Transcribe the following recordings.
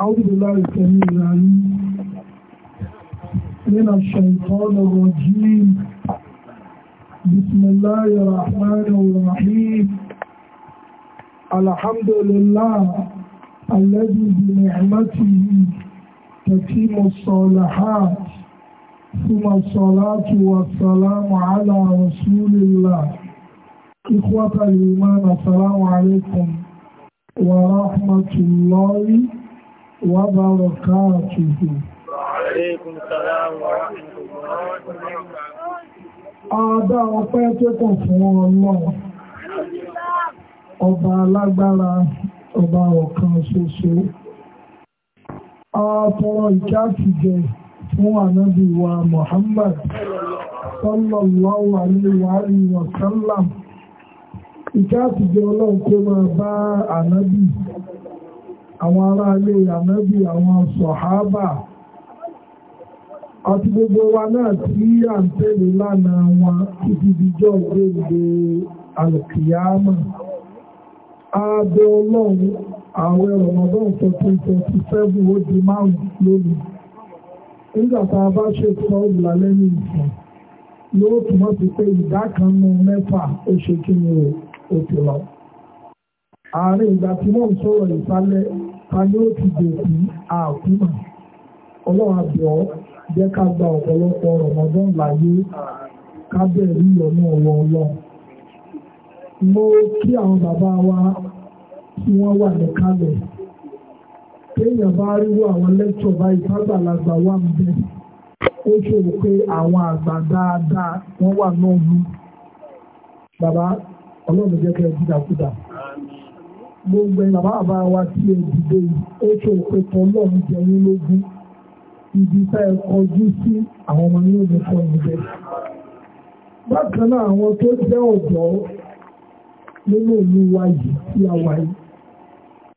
أعوذ بالله السميع العليم من الشيطان الرجيم بسم الله الرحمن الرحيم الحمد لله الذي بنعمته تتم الصالحات ثم الصلاة والسلام على رسول الله إخوة الإيمان السلام عليكم ورحمة الله وبركاته وعليكم السلام ورحمة الله وبركاته Àádá ọpẹ́ tó kàn fún ọlọ́run, ọba alágbára, ọba ọ̀kan ṣoṣo. Àtọrọ ìkásìjẹ fún ànábì àwọn ará ilé ànábì àwọn sọ̀hábà àti gbogbo wa náà tí à ń tẹ̀lé lánàá wọn títí dijọ́ ìgbèrè alùkìyámà ààbẹ̀ ọlọ́run márùn a bá ṣètò ọ̀gbìnlá lẹ́yìn ìsìn yóò túmọ̀ sí pé ìdá mẹ́fà ó ṣe kí ni ó lọ àárín ìgbà tí wọ́n ń ta ni ó ti dòkú àkúmọ̀ ọlọ́run àbẹ̀ọ́ jẹ́ ká gba ọ̀pọ̀lọpọ̀ rọ̀mọdún láyé ká bẹ̀rù ìyọ̀nù ọ̀wọ̀ ọlọ́run mo kí àwọn bàbá wa tí wọ́n wà ní kálẹ̀ téèyàn bá ríwọ́ àwọn lẹ́tọ̀ báyìí fágbàlagbà wà ó ṣòro pé àwọn àgbà dáadáa wọ́n wà náà mú bàbá gbogbo ẹ̀ bàbá bàbá wa tí ẹ dìde ó ṣe ìpẹ̀tọ̀ lọ́ọ̀mù jẹun lógún ibi tá ẹ kọjú sí àwọn ọmọ yóò lè kọ ìbẹ̀. bákan náà àwọn tó jẹ́ ọ̀dọ́ nínú ìlú wa yìí tí a wà yìí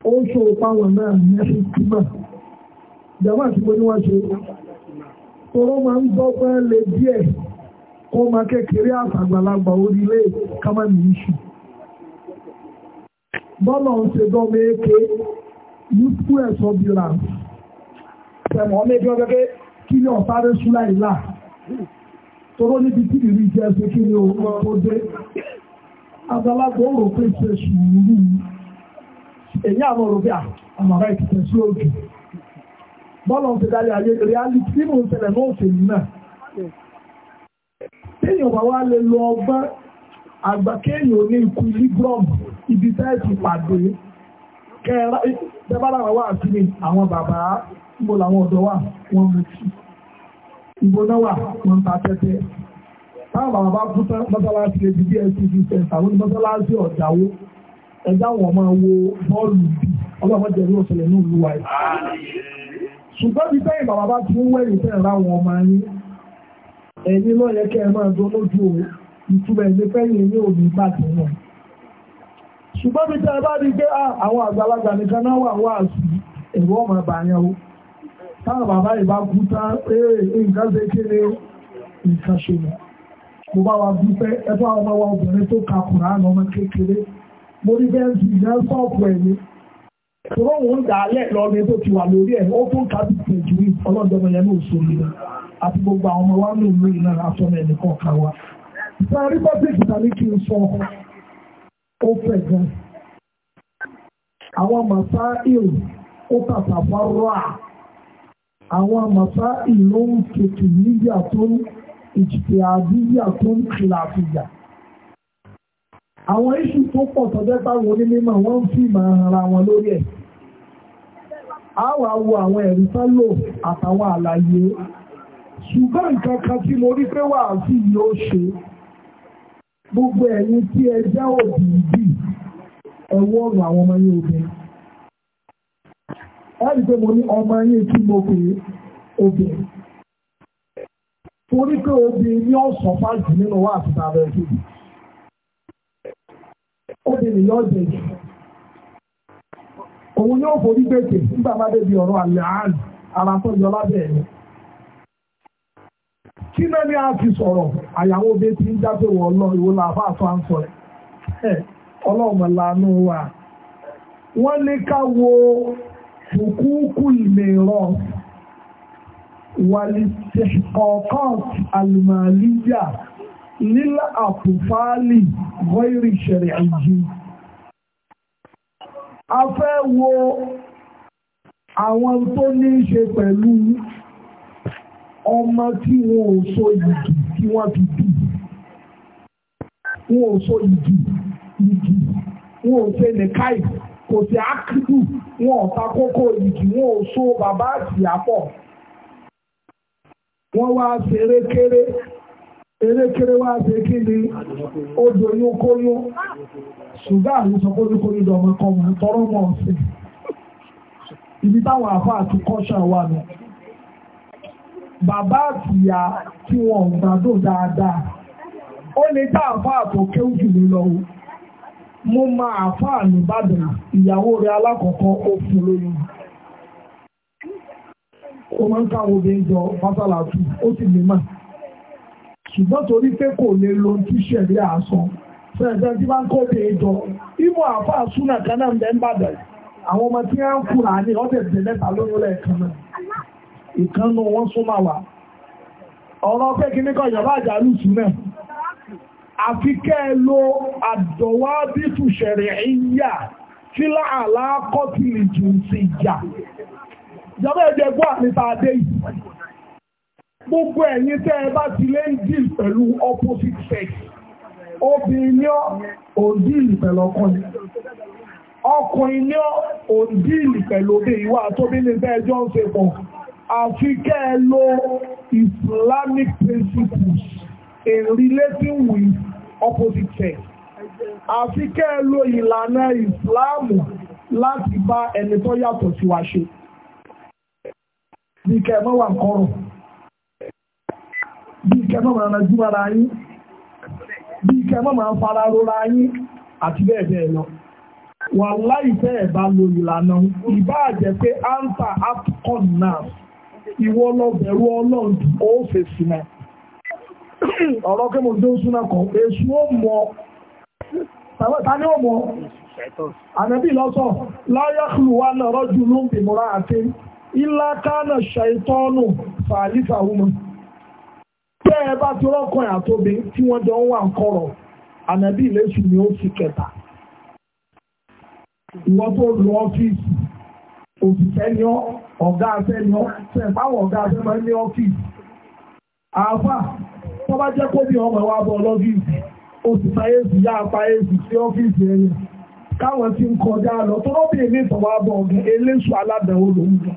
ó ṣe òpá wọn náà ní ẹ̀sìn tìmà ìjàmbá àti mo ní wọ́n ṣe tọrọ máa ń dọ́gbọ́n lé díẹ̀ kó máa kékeré àtàgbàlagbà orílẹ̀ kámánì iṣu bọ́lá ń ṣe dọ́mọ eke yúkú ẹ̀sọ́ bíra tẹ̀mọ́ ọmọ eke ọ̀gẹ́gẹ́ kí ni ọ̀sáré ṣúlá ìlà toró níbi tí ìrì jẹ́ ṣe kí ni òun tó dé àgbàlagbà ó rò pé ṣe sùúrù èyí àwọn òròbí àmàrà ìtìtẹ̀ sí òjò bọ́lá ń ṣe dárí ayé reality tí mò ń ṣẹlẹ̀ náà òṣèlú náà téèyàn bá wá lè lo ọgbọ́n àgbàkéyìn ò ní ikú librom ibi tẹ́ẹ̀tì pàdé kẹ́ẹ̀rá tẹ́bára wà sí ni àwọn bàbá níbo làwọn ọ̀dọ́ wà wọ́n mú sí ìbò náà wà wọ́n ta tẹ́tẹ́ táwọn bàbá bá kú tán mọ́sálásí lè di DSTV center wọ́n ní mọ́sálásí ọ̀dáwó ẹ̀dá wọn máa wo bọ́ọ̀lù bí ọlọ́mọdé ló ṣẹlẹ̀ ní olúwa yìí ṣùgbọ́n bí sẹ́yìn bàbá bá tún wẹ̀yìn tẹ̀ ra wọn ọmọ yín ẹ̀yin náà yẹ kẹ́ ẹ máa dún lójú òun ìtumọ̀ ìlé fẹ́yìn ní omi gbà tí wọ́n ṣùgbọ́n bí tẹ́ bá rí pé ah, àwọn àgbàlagbà nìkan náà wà wá sí ẹ̀rọ ọmọ àbàyàn o táwọn bàbá ìbá kú tán eh, nǹkan ṣe ka kùrà àná ọmọ kékeré mo rí bẹ́ẹ̀ sì ìyá tó ti wà lórí ẹ̀ ó tún ká bí pẹ̀jú yẹn ní òṣèlú àti gbogbo àwọn ọmọ wa ní Ṣé Republic tàbí kí n sọ ó fẹ̀ gan? Àwọn màsá ìlú ó tàtà fárá. Àwọn màsá ìlú ń kèkè níyà tó ń ìjìtì àdíyà tó ń kìlà àfìyà. Àwọn iṣu tó pọ̀ tọ́jọ́ táwọn onímọ̀ wọ́n ń fi máa ara wọn lórí ẹ̀. A wà wo àwọn ẹ̀rí sálò àtàwọn àlàyé. Ṣùgbọ́n nǹkan kan tí mo rí pé wàásù yìí ó ṣe. gbogbo enyi tí ẹ jẹ́ òbí bì ẹ̀wọ́ ọ̀rọ̀ àwọn ọmọ yín obìnrin. Láti pé mo ní ọmọ yín kí mo pè obìnrin. Torí pé obìnrin ní ọ̀sán fáàjì nínú wa àti Obìnrin yóò jẹ jù. Òun yóò forí gbèsè nígbà kí náà ni a fi sọ̀rọ̀ àyàwó ti ń jáde wọ ọlọ́ ìwò làbá àtọ́ ń sọ ẹ̀ ọlọ́ọ̀mọ̀ wa wọ́n lè ká wo fùkúkú ìmẹ̀rọ̀ wàlìtẹ̀kọ̀ọ̀kọ́t àlùmàlíyà lílà àpòfáàlì gọ́ìrì ọmọ tí wọn ò so ìgì tí wọ́n fi bì wọn ò so ìgì ìgì wọn ò ṣe nìkáì kò sí ákídù wọn ò ta kókó ìgì wọn ò so bàbá àtìyàpọ̀ wọ́n wá ṣe erékeré erékeré wá ṣe kí ni ó doyún kóyún ṣùgbọ́n àwọn sọ pé kóyún dọ̀mọ́kọ́ wọn tọrọ mọ́ ọ̀sẹ̀ ibi táwọn àfa àti kọ́ṣà wà nù bàbá àtìyà tí wọn ò gbádùn dáadáa ó lè dá àfáà tó kéwù jù mí lọ o mo ma àfáà nìbàdàn ìyàwó rẹ̀ alákọ̀ọ́kọ́ ó fún lóyún ó máa ń káwọn obìnrin jọ fásálàtù ó sì lè mà ṣùgbọ́n torí pé kò lè lo tíṣẹ̀rí àásọ fẹ́ẹ̀fẹ́ tí bá ń kó obìnrin jọ ìmọ̀ àfáà súnà kan náà ń bẹ́ ń bàdàn àwọn ọmọ tí wọ́n ń kúrà ní ọ̀tẹ̀ tẹ̀lẹ́ta lóyún lẹ́ẹ̀kan náà ìkánú wọn súnmọ́ wà ọ̀rọ̀ pé kí ní kọjọ bá jà lùsù náà àfi kẹ́ lo àdọ̀wà bí tùṣẹ̀rẹ̀ ìyà tí láàlá kọ́tìlì jù sí ìjà ìjọba ẹ̀jẹ̀ gbọ́ àníta adé yìí gbogbo ẹ̀yin tẹ́ ẹ bá ti lé ń dìl pẹ̀lú opposite sex obìnrin ní òǹdìl pẹ̀lú ọkùnrin ọkùnrin ní òǹdìl pẹ̀lú obìnrin wà tóbi ní bẹ́ẹ̀ jọ ń ṣe pọ̀ àfi kẹ́ lo Islamic principles in relating with opposite sex àfi kẹ́ lo ìlànà ìsìláàmù láti bá ẹni tó yàtọ̀ sí wa ṣe bí kẹ́ ẹ mọ́ wà kọ́rọ̀ bí kẹ́ ẹ mọ́ máa nájú mara yín bí kẹ́ ẹ fara rora yín àti bẹ́ẹ̀ bẹ́ẹ̀ lọ wà láìpẹ́ ẹ̀ bá lo ìlànà ìbá pé áńtà apcon náà ìwọ lọ bẹ̀rù ọlọ́run ó fèsì náà ọ̀rọ̀ kí mo dé ń súná kan èṣù ó mọ̀ ta ni ó mọ̀ ànàbí lọ́sọ̀ láyàkùlù wa náà rọ́jù ló ń bì múra àti ilá kánà ṣàìtọ́nù fàálífà wùmọ̀ tẹ́ ẹ bá ti rọ́kàn àtòbí tí wọ́n òṣìṣẹ́ ní ọ̀gá afẹ́ ní ọ̀sẹ̀páwọ̀ ọ̀gá afẹ́ máa ní ọ́fíìsì àáfà tó bá jẹ́ kó bí ọmọ ẹ̀wà bọ̀ lọ́fíìsì òṣìṣẹ́ èsì yá apá èsì sí ọ́fíìsì ẹ̀yẹ káwọn ti ń kọjá lọ tó rọ́bì èmi ìtọ̀wà bọ̀ ọ̀gá eléṣù aládàáwò lòún lọ.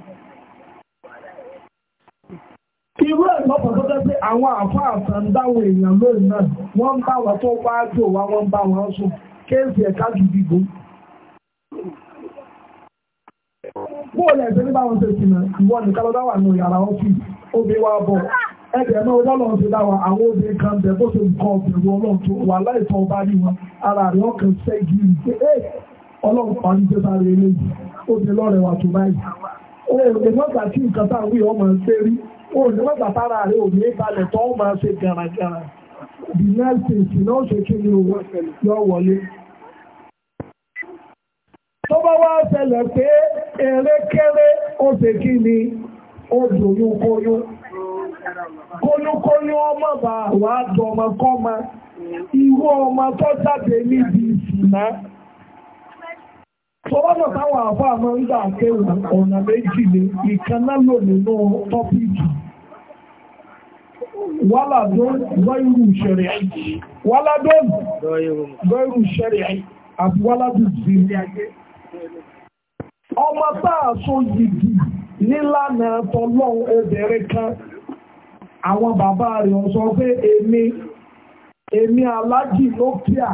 irú ẹ̀ lọ́pọ̀ tó jẹ́ pé àwọn àáfà àtàndáwò bóòlù ẹ̀sẹ̀ nígbà wọn ṣe sì náà ìwọ nìkan lọ́dá wà nù yàrá ọ́fì obì wa bọ̀ ẹ̀dẹ̀ náà ọjọ́ lọ́n ti dáwà àwọn obì kan bẹ̀ bó ṣe nǹkan ọ̀bẹ̀rù ọlọ́run tó wà láìsọ ọba rí wọn ara rẹ̀ ọkàn ṣẹ́gi rí pé ẹ́ ọlọ́run pa ní pépà rẹ̀ eléyìí obì lọ́rẹ̀ wà tó báyìí ó lè mọ́gbà tí nǹkan tá à ń wí ọmọ ń fẹ́ rí ó lè mọ́gbà tára rẹ̀ tó bá wá ṣẹlẹ̀ pé erékéré ó ṣe kí ni ó dòyún kóyún kólúkólú ọmọ bá wà dọmọ kọ́mọ irú ọmọ tó jáde níbi ìsìnà tọ́lọ́nà táwọn àfáà máa ń gbà kéwà ọ̀nà méjì ni ìkaná lò nínú tọ́pìkì wàládọ́n gbọ́irú ṣẹ̀rẹ̀ àìyí wàládọ́n gbọ́irú ṣẹ̀rẹ̀ àìyí àti wàládọ́n sí ilé ọmọ tá a so yìgì nílànà tọlọ́hún obìnrin kan àwọn bàbá rẹ̀ ń sọ pé èmi èmi alájì lókìá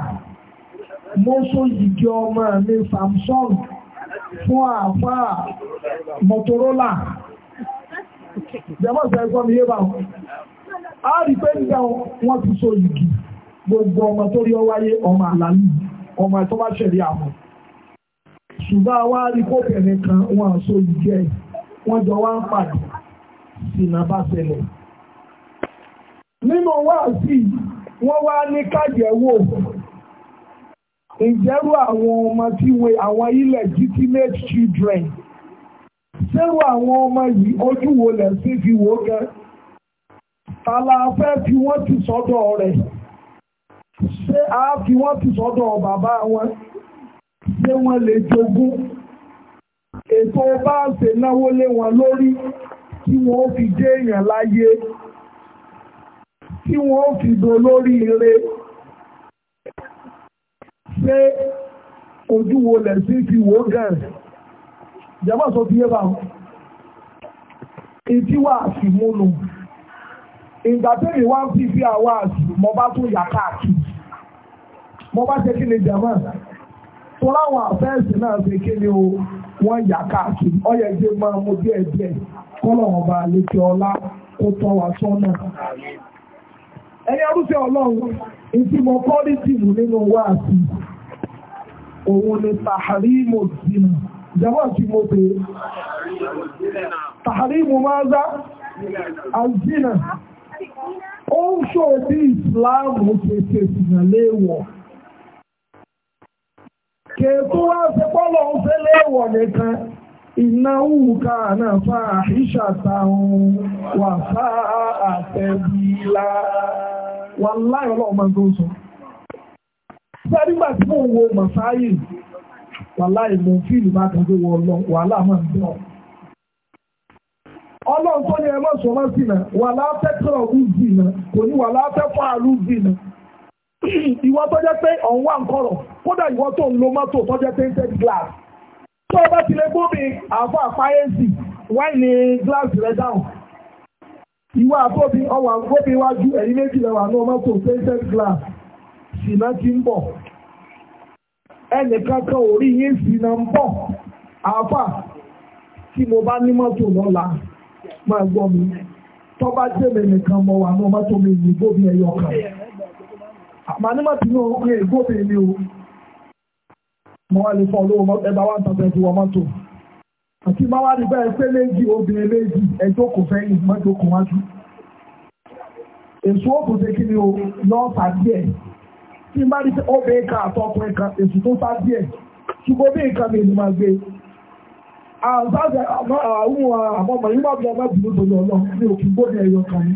mo so yìgì ọmọ mi Samsung fún àfáà Motorola jẹ́mọ́ sọ ẹ̀kọ́ mi yé bá wọn a rí pé nígbà wọn ti so yìgì gbogbo ọmọ tó rí ọ wáyé ọmọ àlàní ọmọ ẹ̀tọ́ bá ṣẹ̀rí àwọn ṣùgbọ́n àwa rí kóbìnrin kan wọn àṣọ ìjẹ́ wọn jọ wá ń pàdé sínú bá ṣẹlẹ̀ nínú wáàsí wọ́n wá ní kájẹ̀wò ìjẹ́rú àwọn ọmọ tí wọ́n àwọn illegitimate children ṣẹ́rù àwọn ọmọ yìí ojú wo lẹ́sìn fi wò gẹ́ tala fẹ́ fi wọ́n ti sọ́dọ̀ rẹ̀ ṣé a fi wọ́n ti sọ́dọ̀ bàbá wọn ṣé wọ́n lè jogún ètò bá ṣe náwó lé wọn lórí tí wọ́n fi dé èèyàn láyé tí wọ́n fi do lórí ire ṣé ojú wo lẹ̀ sí fi wò gẹ̀ẹ́sì ìjọba sọ fi yé bá wọn ìdí wà sí múnu ìgbà tẹ́lẹ̀ wá ń fi fi àwa àti mo bá tún yà káàkiri mo bá ṣe kí ni jàmáà tó àfẹ́ẹ̀sì náà fi ké ní wọ́n yà káàkiri ọyẹ jẹ́ máa mú ọba ọlá tọ́ sọ́nà. ẹni arúfẹ́ ọlọ́run ìtì pọ́lítìmù nínú wáàsí òun ni tàhárìmù zina jẹ́wọ́n kèétú wá sí pọ́lọ̀ ń fẹ́ léèwọ̀ nìkan ìnáwó kàánà fa àṣìṣàtà ohun wà fá àtẹ̀bílá wà láyọ̀ lọ́wọ́ máa tó sọ. sẹ́dígbà tí mò ń wo màsáyì wà láì mò fíìlì náà wà náà kò ní wà àlù náà. ìwọ tó jẹ́ pé ọ̀hún wà ń kọ̀rọ̀ kódà ìwọ tó ń lo mọ́tò tó jẹ́ painted glass tó o bá ti lè gómìn àfọ àfáyèsì wáìnì glass rẹ̀ dáhùn ìwọ àfọ́bí ọwà gómìn wájú ẹ̀yìn méjì lẹ́wà ní mọ́tò painted glass ṣìnà ti ń bọ̀ ẹnìkan kan ò rí yín ṣìnà ń bọ̀ àfà tí mo bá ní mọ́tò lọ́la máa gbọ́ mi tó bá jẹ́ mi nìkan mọ̀ wà ní mọ́tò mi ìgbóbi ẹ̀yọ kan àmà nígbà tí ó rí ìgbófin ní o mọ́ wá lè fọ́ olówó ẹgbà wá ń tọ́jú ẹjú wọn mọ́tò àti máa wá nígbà ẹgbẹ́ méjì obìnrin méjì ẹjọ́ kò fẹ́yìn mọ́tò kò wájú èso òkú ṣe kí ni o lọ́ọ́ fà díẹ̀ tí bá ní obìnrin kan àtọkùnrin kan èso tó fà díẹ̀ ṣùgbọ́n bí nǹkan mi ni máa gbé àwọn àmọ́ àmọ́ ìmọ̀ ọ̀gbìn ọmọ ìbùdó tó lọ lọ ní òkú gbóni ẹ̀yọ kan ní.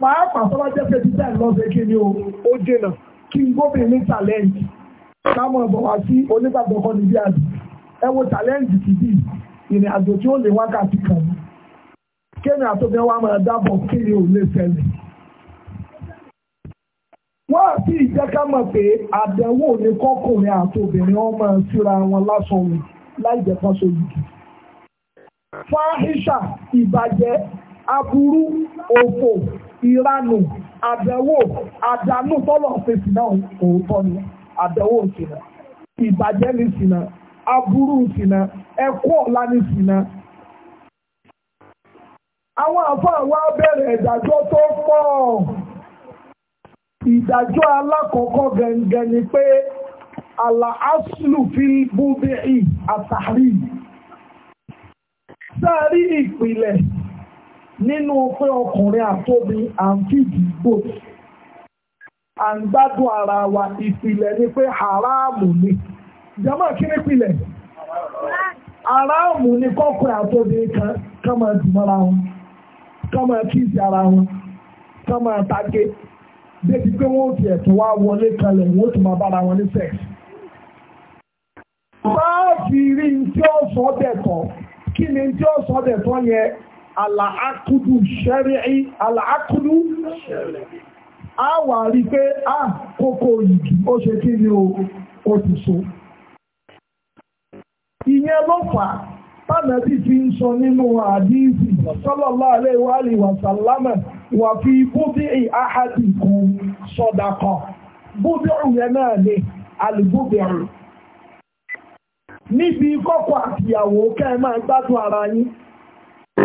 pàápàá tó bá jẹ́ pé títà lọ́sẹ̀ kí ni ó jìnà kí n gómìn ní tàlẹ́ǹtì láwọn ọ̀bọ̀ wá sí onígbàgbọ́ kan níbi àdì ẹ wo tàlẹ́ǹtì ti bí ìrìn àjò tí ó lè wákàtí kan ní kéèyàn àtọ́bẹ̀ wa máa dábọ̀ kí ni ò lè ṣẹlẹ̀ wọ́n àti ìjẹ́ká mọ̀ pé àdánwò ní kọ́kùnrin àtòbìnrin wọn máa síra wọn lásán wọn láì jẹ́ kan sóyún fáhíṣà ìbàjẹ́ aburú òfò Iranu àbẹ̀wò àdánù tọ́lọ̀ ṣe náà òótọ́ ni àbẹ̀wò aburu ìbàjẹ́ ní ìsìnà aburú ìsìnà ẹ̀kọ́ ọ̀la ní àwọn àfáà wa bẹ̀rẹ̀ ìdájọ́ tó pọ̀ ìdájọ́ alákọ̀ọ́kọ́ gẹ̀ǹgẹ̀ ni pé fi búbẹ̀ àtàrí nínú pé ọkùnrin àtóbi à ń fìdí gbòt à ń gbádùn ara wa ìpìlẹ̀ ni pé haramu ni jama kí ni haramu ni kọ́kùnrin àtóbi kan kán máa dùn mọ́ra wọn kán máa kíìsì ara wọn kán máa tage débi pé wọ́n ò tiẹ̀ tó wá wọlé kalẹ̀ wọ́n tún máa bára wọn ní sẹ́ẹ̀sì bá rí ní tí ó sọ dẹ̀tọ̀ kí ni tí ó sọ dẹ̀tọ̀ yẹn àlàákùdù ṣẹ́rìí àlàákùdù a wà rí pé a ah, kókó ìgì ó ṣe kí ni ó ti so ìyẹn ló fà tánàbí fi ń sọ nínú àdíìsì sallallahu alaihi wa wà fi bóbí ahadikum sadaqa bóbí òyìn náà lè alùbóbí òyìn níbi kọ́kọ́ ara yín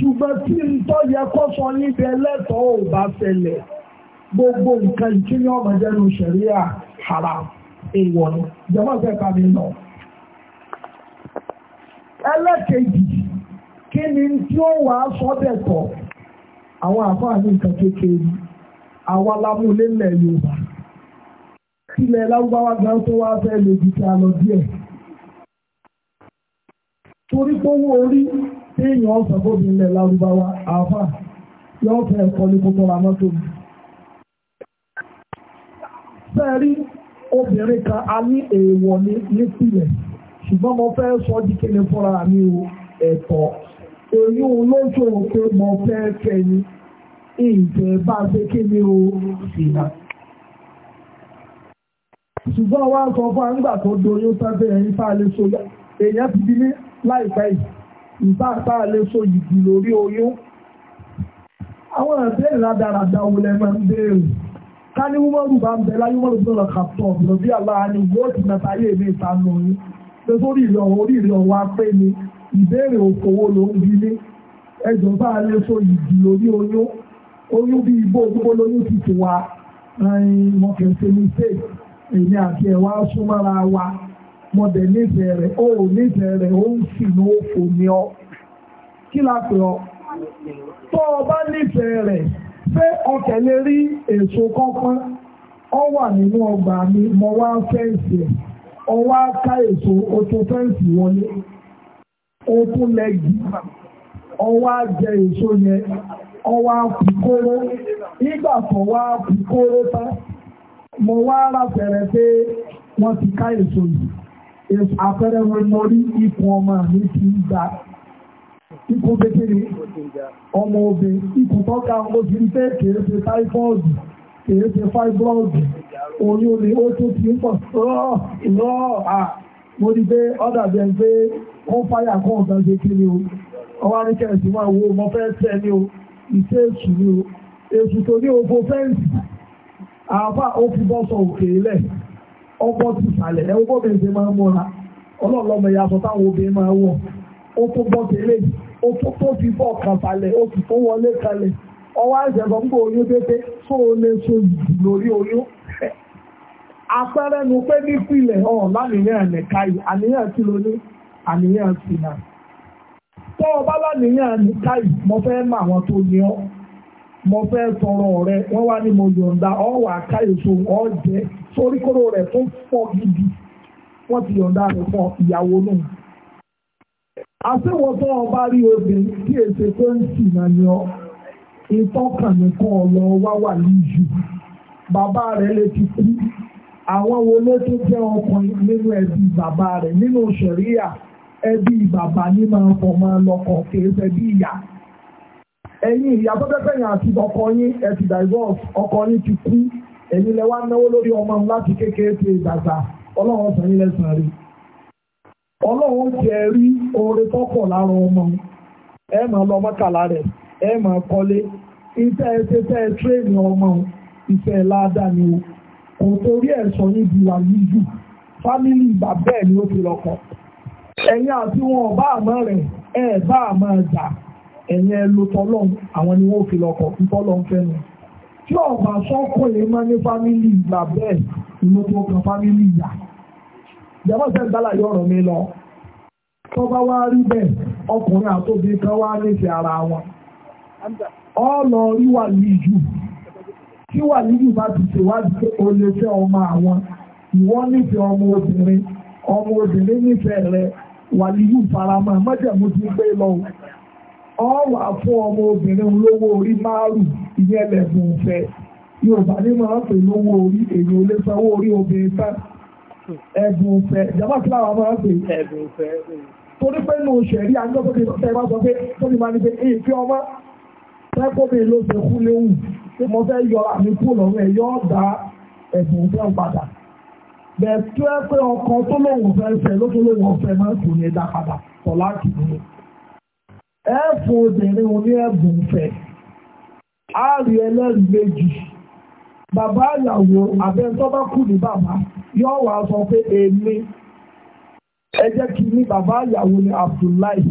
ṣùgbọ́n tí n tọ́ yẹ kó sọ níbi ẹlẹ́tọ̀ọ́ ò bá ṣẹlẹ̀ gbogbo nǹkan ìtúnyẹ ọmọ jẹ́nu ṣẹ̀ríà haram èèwọ̀ ni jọmọ́ ìfẹ́ka mi nà. ẹlẹ́kejì kí ni tí ó wà á sọ dẹ̀tọ̀ àwọn àfáàní nǹkan kékeré àwa lámúlélẹ̀ Yorùbá ilẹ̀ lágbáwá gan tó wá fẹ́ lè jù kí a lọ díẹ̀ torí pé owó orí tí èèyàn ọ̀sán bóbi ilẹ̀ lárúbáwá àáfà yóò fẹ́ ẹ̀kọ́ ní kótó ra mọ́tò mi. Fẹ́ẹ̀rí obìnrin kan a ní èèwọ̀ ní nípìnlẹ̀ ṣùgbọ́n mo fẹ́ sọ di kíni fúnra mi o ẹ̀tọ́. Èyí ò pé mo fẹ́ kẹ́yìn ìfẹ́ bá ṣe kíni o sì ṣùgbọ́n wá sọ fún àgbà tó doyún sáfẹ́ ẹ̀yìn fáà lè èèyàn ti bí ní láìpẹ́ yìí ìbáàtà lè so yìgì lórí oyún àwọn àbẹ́rẹ̀ ládàradà wọlé máa ń béèrè ká ní wúmọ́rù bá ń bẹ láyé wọ́n lọ́dún lọ kàtọ́ ọ̀bùrọ̀ bí aláàánú wọ́n ti nàta yé mi ìta nù pé sórí ìlọ orí ìlọ wa pé ni ìbéèrè òkòwò ló ń bí ní ẹjọ́ bá lè so yìgì lórí oyún oyún bí ibo gbogbo lóyún ti tù wá mọ̀kẹ́sẹ̀ mi sè èmi àti ẹ̀ súnmọ́ra wa mo dẹ̀ nífẹ̀ẹ́ rẹ̀ ó ò nífẹ̀ẹ́ rẹ̀ ó ń sì ní òfò ní ọ kí la pè tó o bá nífẹ̀ẹ́ rẹ̀ pé ọkẹ̀ lè rí èso kọ́kọ́ ọ wà nínú ọgbà mi mo wá fẹ́ǹsì ẹ̀ ọ wá ká èso o tún fẹ́ǹsì wọlé o tún lẹ́gì ọ wá jẹ èso yẹn ọ wá pìkóró nígbà kan wá pìkóró tán mo wá ra fẹ̀rẹ̀ pé wọ́n ti ká èso yìí afẹ́rẹ́ wọn mọ rí ipò ọmọ mi ti ń ga ipò kékeré ọmọ obè ipò tọ́ka obìnrin fẹ́ kèé ṣe táífọ́ọ̀dù kèé ṣe fáibọ́ọ̀dù oyún ni ó tó ti ń pọ̀ rọ́ọ̀ rọ́ọ̀ à mo rí pé ọ̀dà bẹ́ẹ̀ pé ó fáyà kọ́ ọ̀gá ṣe kiri o ọwọ́ àríkẹ́ ẹ̀sìn máa wo mo fẹ́ tẹ́ ni o ìṣe èṣù ni o èṣù tó ní òfò fẹ́ǹsì àáfà ó fi bọ́ sọ òkèlè ọgbọ́ ti sàlẹ̀ ẹ̀ ọgbọ́ bẹ̀rẹ̀ máa ń múra ọlọ́ọ̀lọ́mọ táwọn obìnrin máa wọ̀ ó tó bọ́ tẹ́lẹ̀ ó tó tó fi bọ́ kan sàlẹ̀ ó sì tó wọlé kalẹ̀ ọwọ́ àìsàn sọ pé oyún tètè tó o lè so lórí oyún apẹ́rẹ́ nu pé nípìnlẹ̀ lánìyàn nìka yìí àníyàn ti lo ní àníyàn ti nà tọ́ ọ bá lánìyàn nìka yìí mo fẹ́ tó ní ọ́ mo fẹ́ tọrọ rẹ wọ́n wá ní mo yọ̀ǹda ọ ọ jẹ sórí kóró rẹ̀ tó pọ̀ gidi wọ́n ti yọ̀ǹda rẹ̀ fún ìyàwó náà. ọba rí obìnrin tí èsè tó ń sì náà ni ọ ọ̀lọ́ wá wà níjù bàbá rẹ̀ lè ti kú àwọn wo ló tó jẹ́ ọkùnrin nínú ẹbí bàbá rẹ̀ nínú ẹbí bàbá ní máa fọ̀ máa ẹ̀yin ìyá tó yàn àti ọkọ yín ọkọ yín ti kú ẹ̀yin lẹ wá lórí ọmọ láti kékeré ṣe dàgbà ọlọ́run sàn yín lẹ́sàn rí ọlọ́run jẹ rí oore ọmọ ẹ máa lọ mọ́kàlá rẹ̀ ẹ máa kọ́lé iṣẹ́ ẹ ọmọ ìfẹ́ ládàá ni o kò torí ẹ̀ sọ níbi wà ni ó ti lọ́kọ̀ ẹ̀yin àti wọn ọ̀bá àmọ́ rẹ̀ ẹ̀ bá àmọ́ ẹ̀ ẹ̀yìn ẹlò tọ́lọ́n àwọn ni wọ́n fi lọ́kọ̀ fún tọ́lọ́n fẹ́nu tí ọba sọ́kọ̀ yìí máa ní fámílì ìgbà bẹ́ẹ̀ inú tó kan fámílì ìyà ìjọba sẹ́ni dálà yọ ọ̀rọ̀ mi lọ tó bá wá rí bẹ́ẹ̀ ọkùnrin àtòbí kan wá nífẹ̀ẹ́ ara wọn ọ lọ rí wà níjù tí wà níjù bá ti ṣèwádìí pé o lè fẹ́ ọmọ àwọn ìwọ nífẹ̀ẹ́ ọmọ obìnrin ọmọ obìnrin nífẹ̀ẹ́ rẹ wà níjù faramọ́ mọ́jẹ̀mú ti gbé lọ́wọ́ ọ̀wà fún ọmọ obìnrin lówó orí márùn ìyẹn lẹ́bùn fẹ́ yorùbá ní máa ń pè lówó orí èyí ò lè sanwó orí obìnrin tán ẹ̀bùn fẹ́ ìjọba tí làwọn máa ń pè ẹ̀bùn fẹ́ torí pé nù sẹ̀rí agbẹ́bọ̀dé tẹ́ bá sọ pé tóbi máa ní pé èyí fi ọmọ tẹ́kọ̀ọ́bì ló ṣe kú léwu tí mo fẹ́ yọ àmì kú lọ́rùn ẹ̀ yọ ọ̀dà ẹ̀bùn fẹ́ padà bẹ̀ẹ́ tó ẹ pé ọkọ̀ tó lóun fẹ́ fẹ́ ló tó lóun ọ̀fẹ́ máa ń kù ní ẹ̀dá padà tọ̀ láti nìyẹn ẹ fún obìnrin oní ẹ̀bùn fẹ́ á rí ẹlẹ́rìí méjì bàbá àyàwó abẹ́ńtọ́ bá kù ní bàbá yóò wá sọ pé èmi ẹ jẹ́ kí ní bàbá àyàwó ni Abdullahi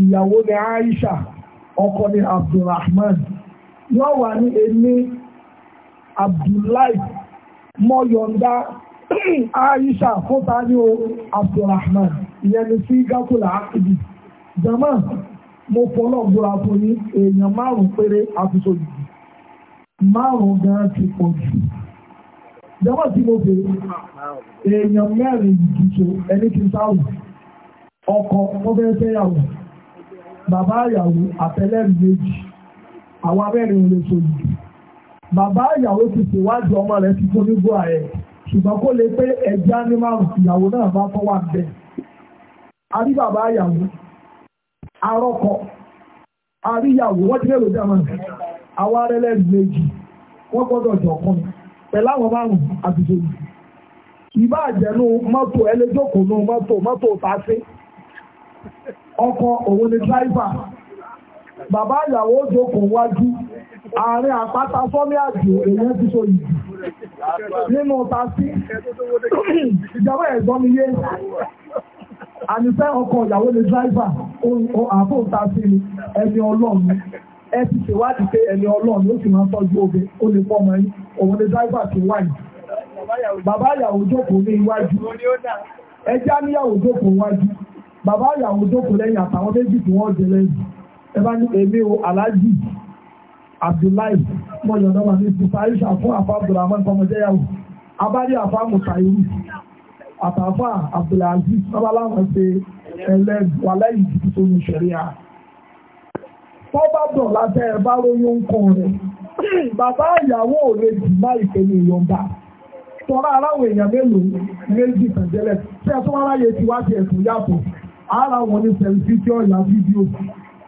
ìyàwó ni Aisha ọkọ ni Abdulrahman yóò wá ní èmi Abdullahi mo Aisha fúnta ní Abdulrahman ìyẹn ni sí gákùlà ákìdì mo fọlọ́ gbọ́ra fún yín èèyàn márùn-ún péré àfisòjì márùn-ún gan ti pọ̀ jù jọba tí mo fèrè èèyàn mẹ́rin ìdíje ẹni tí ń sáwù ọkọ mo fẹ́ fẹ́yàwó bàbá àyàwó àtẹlẹ́rì méjì àwọn abẹ́rin olè sòyí bàbá àyàwó ti ṣèwádìí ọmọ rẹ̀ ti fún nígbó ààrẹ ṣùgbọ́n kó lè pé ẹ̀jẹ̀ ánímàrún ìyàwó náà bá fọwọ́ àbẹ̀ àbí arọ́kọ àríyàwó wọ́n ti rèrò dáa máa àwọn arẹ́lẹ́ méjì wọ́n gbọ́dọ̀ jọ ọkùnrin pẹ̀lú àwọn márùn-ún àbíjọ́lù ìbá àjẹnú mọ́tò ẹlẹ́jọ́kùnú mọ́tò mọ́tò tàṣí ọkọ̀ òun ni dráìvà bàbá ìyàwó jókòó wájú àárín àpáta fọ́mí àjò èèyàn ti so yìí nínú tàṣí ìjọba ẹ̀gbọ́n mi yé ànífẹ́ ọkọ̀ ìyàwó lè dráìvà àbóǹta sí ni ẹni ọlọ́run ẹ ti ṣèwádìí pé ẹni ọlọ́run ó sì máa tọ́jú obe ó lè pọ́ ọmọ yín òun lè dráìvà sí wáyé bàbá ìyàwó jókòó ní iwájú ẹjẹ́ àníyàwó jókòó wájú bàbá ìyàwó jókòó lẹ́yìn àtàwọn méjì tí wọ́n jẹ lẹ́yìn ẹ bá ní èmi o aláàjì Abdullahi mọ̀yọ̀dọ́mà ní sísá Aisha fún àfáàbùrà mọ́ ìfọmọjẹ́yàwó abárí àfáàmù tàìrù àtàfà abdulaziz babaláwọn ṣe ẹlẹ́gbàlẹ́ ìdìbò tó ní ṣẹ̀ríà fọ́bàdàn lábẹ́ ẹ bá lóyún nǹkan rẹ̀ bàbá ìyàwó rẹ̀ jù má ìpele ìyọ̀ǹda tọ́ra aráwọ̀ èèyàn mélòó méjì tẹ̀jẹ́lẹ̀ tí ẹ tó wá ráyè tí wájú ẹ̀sùn yàtọ̀ ara wọn ní sẹ̀lifí tí ọ̀yà fídíò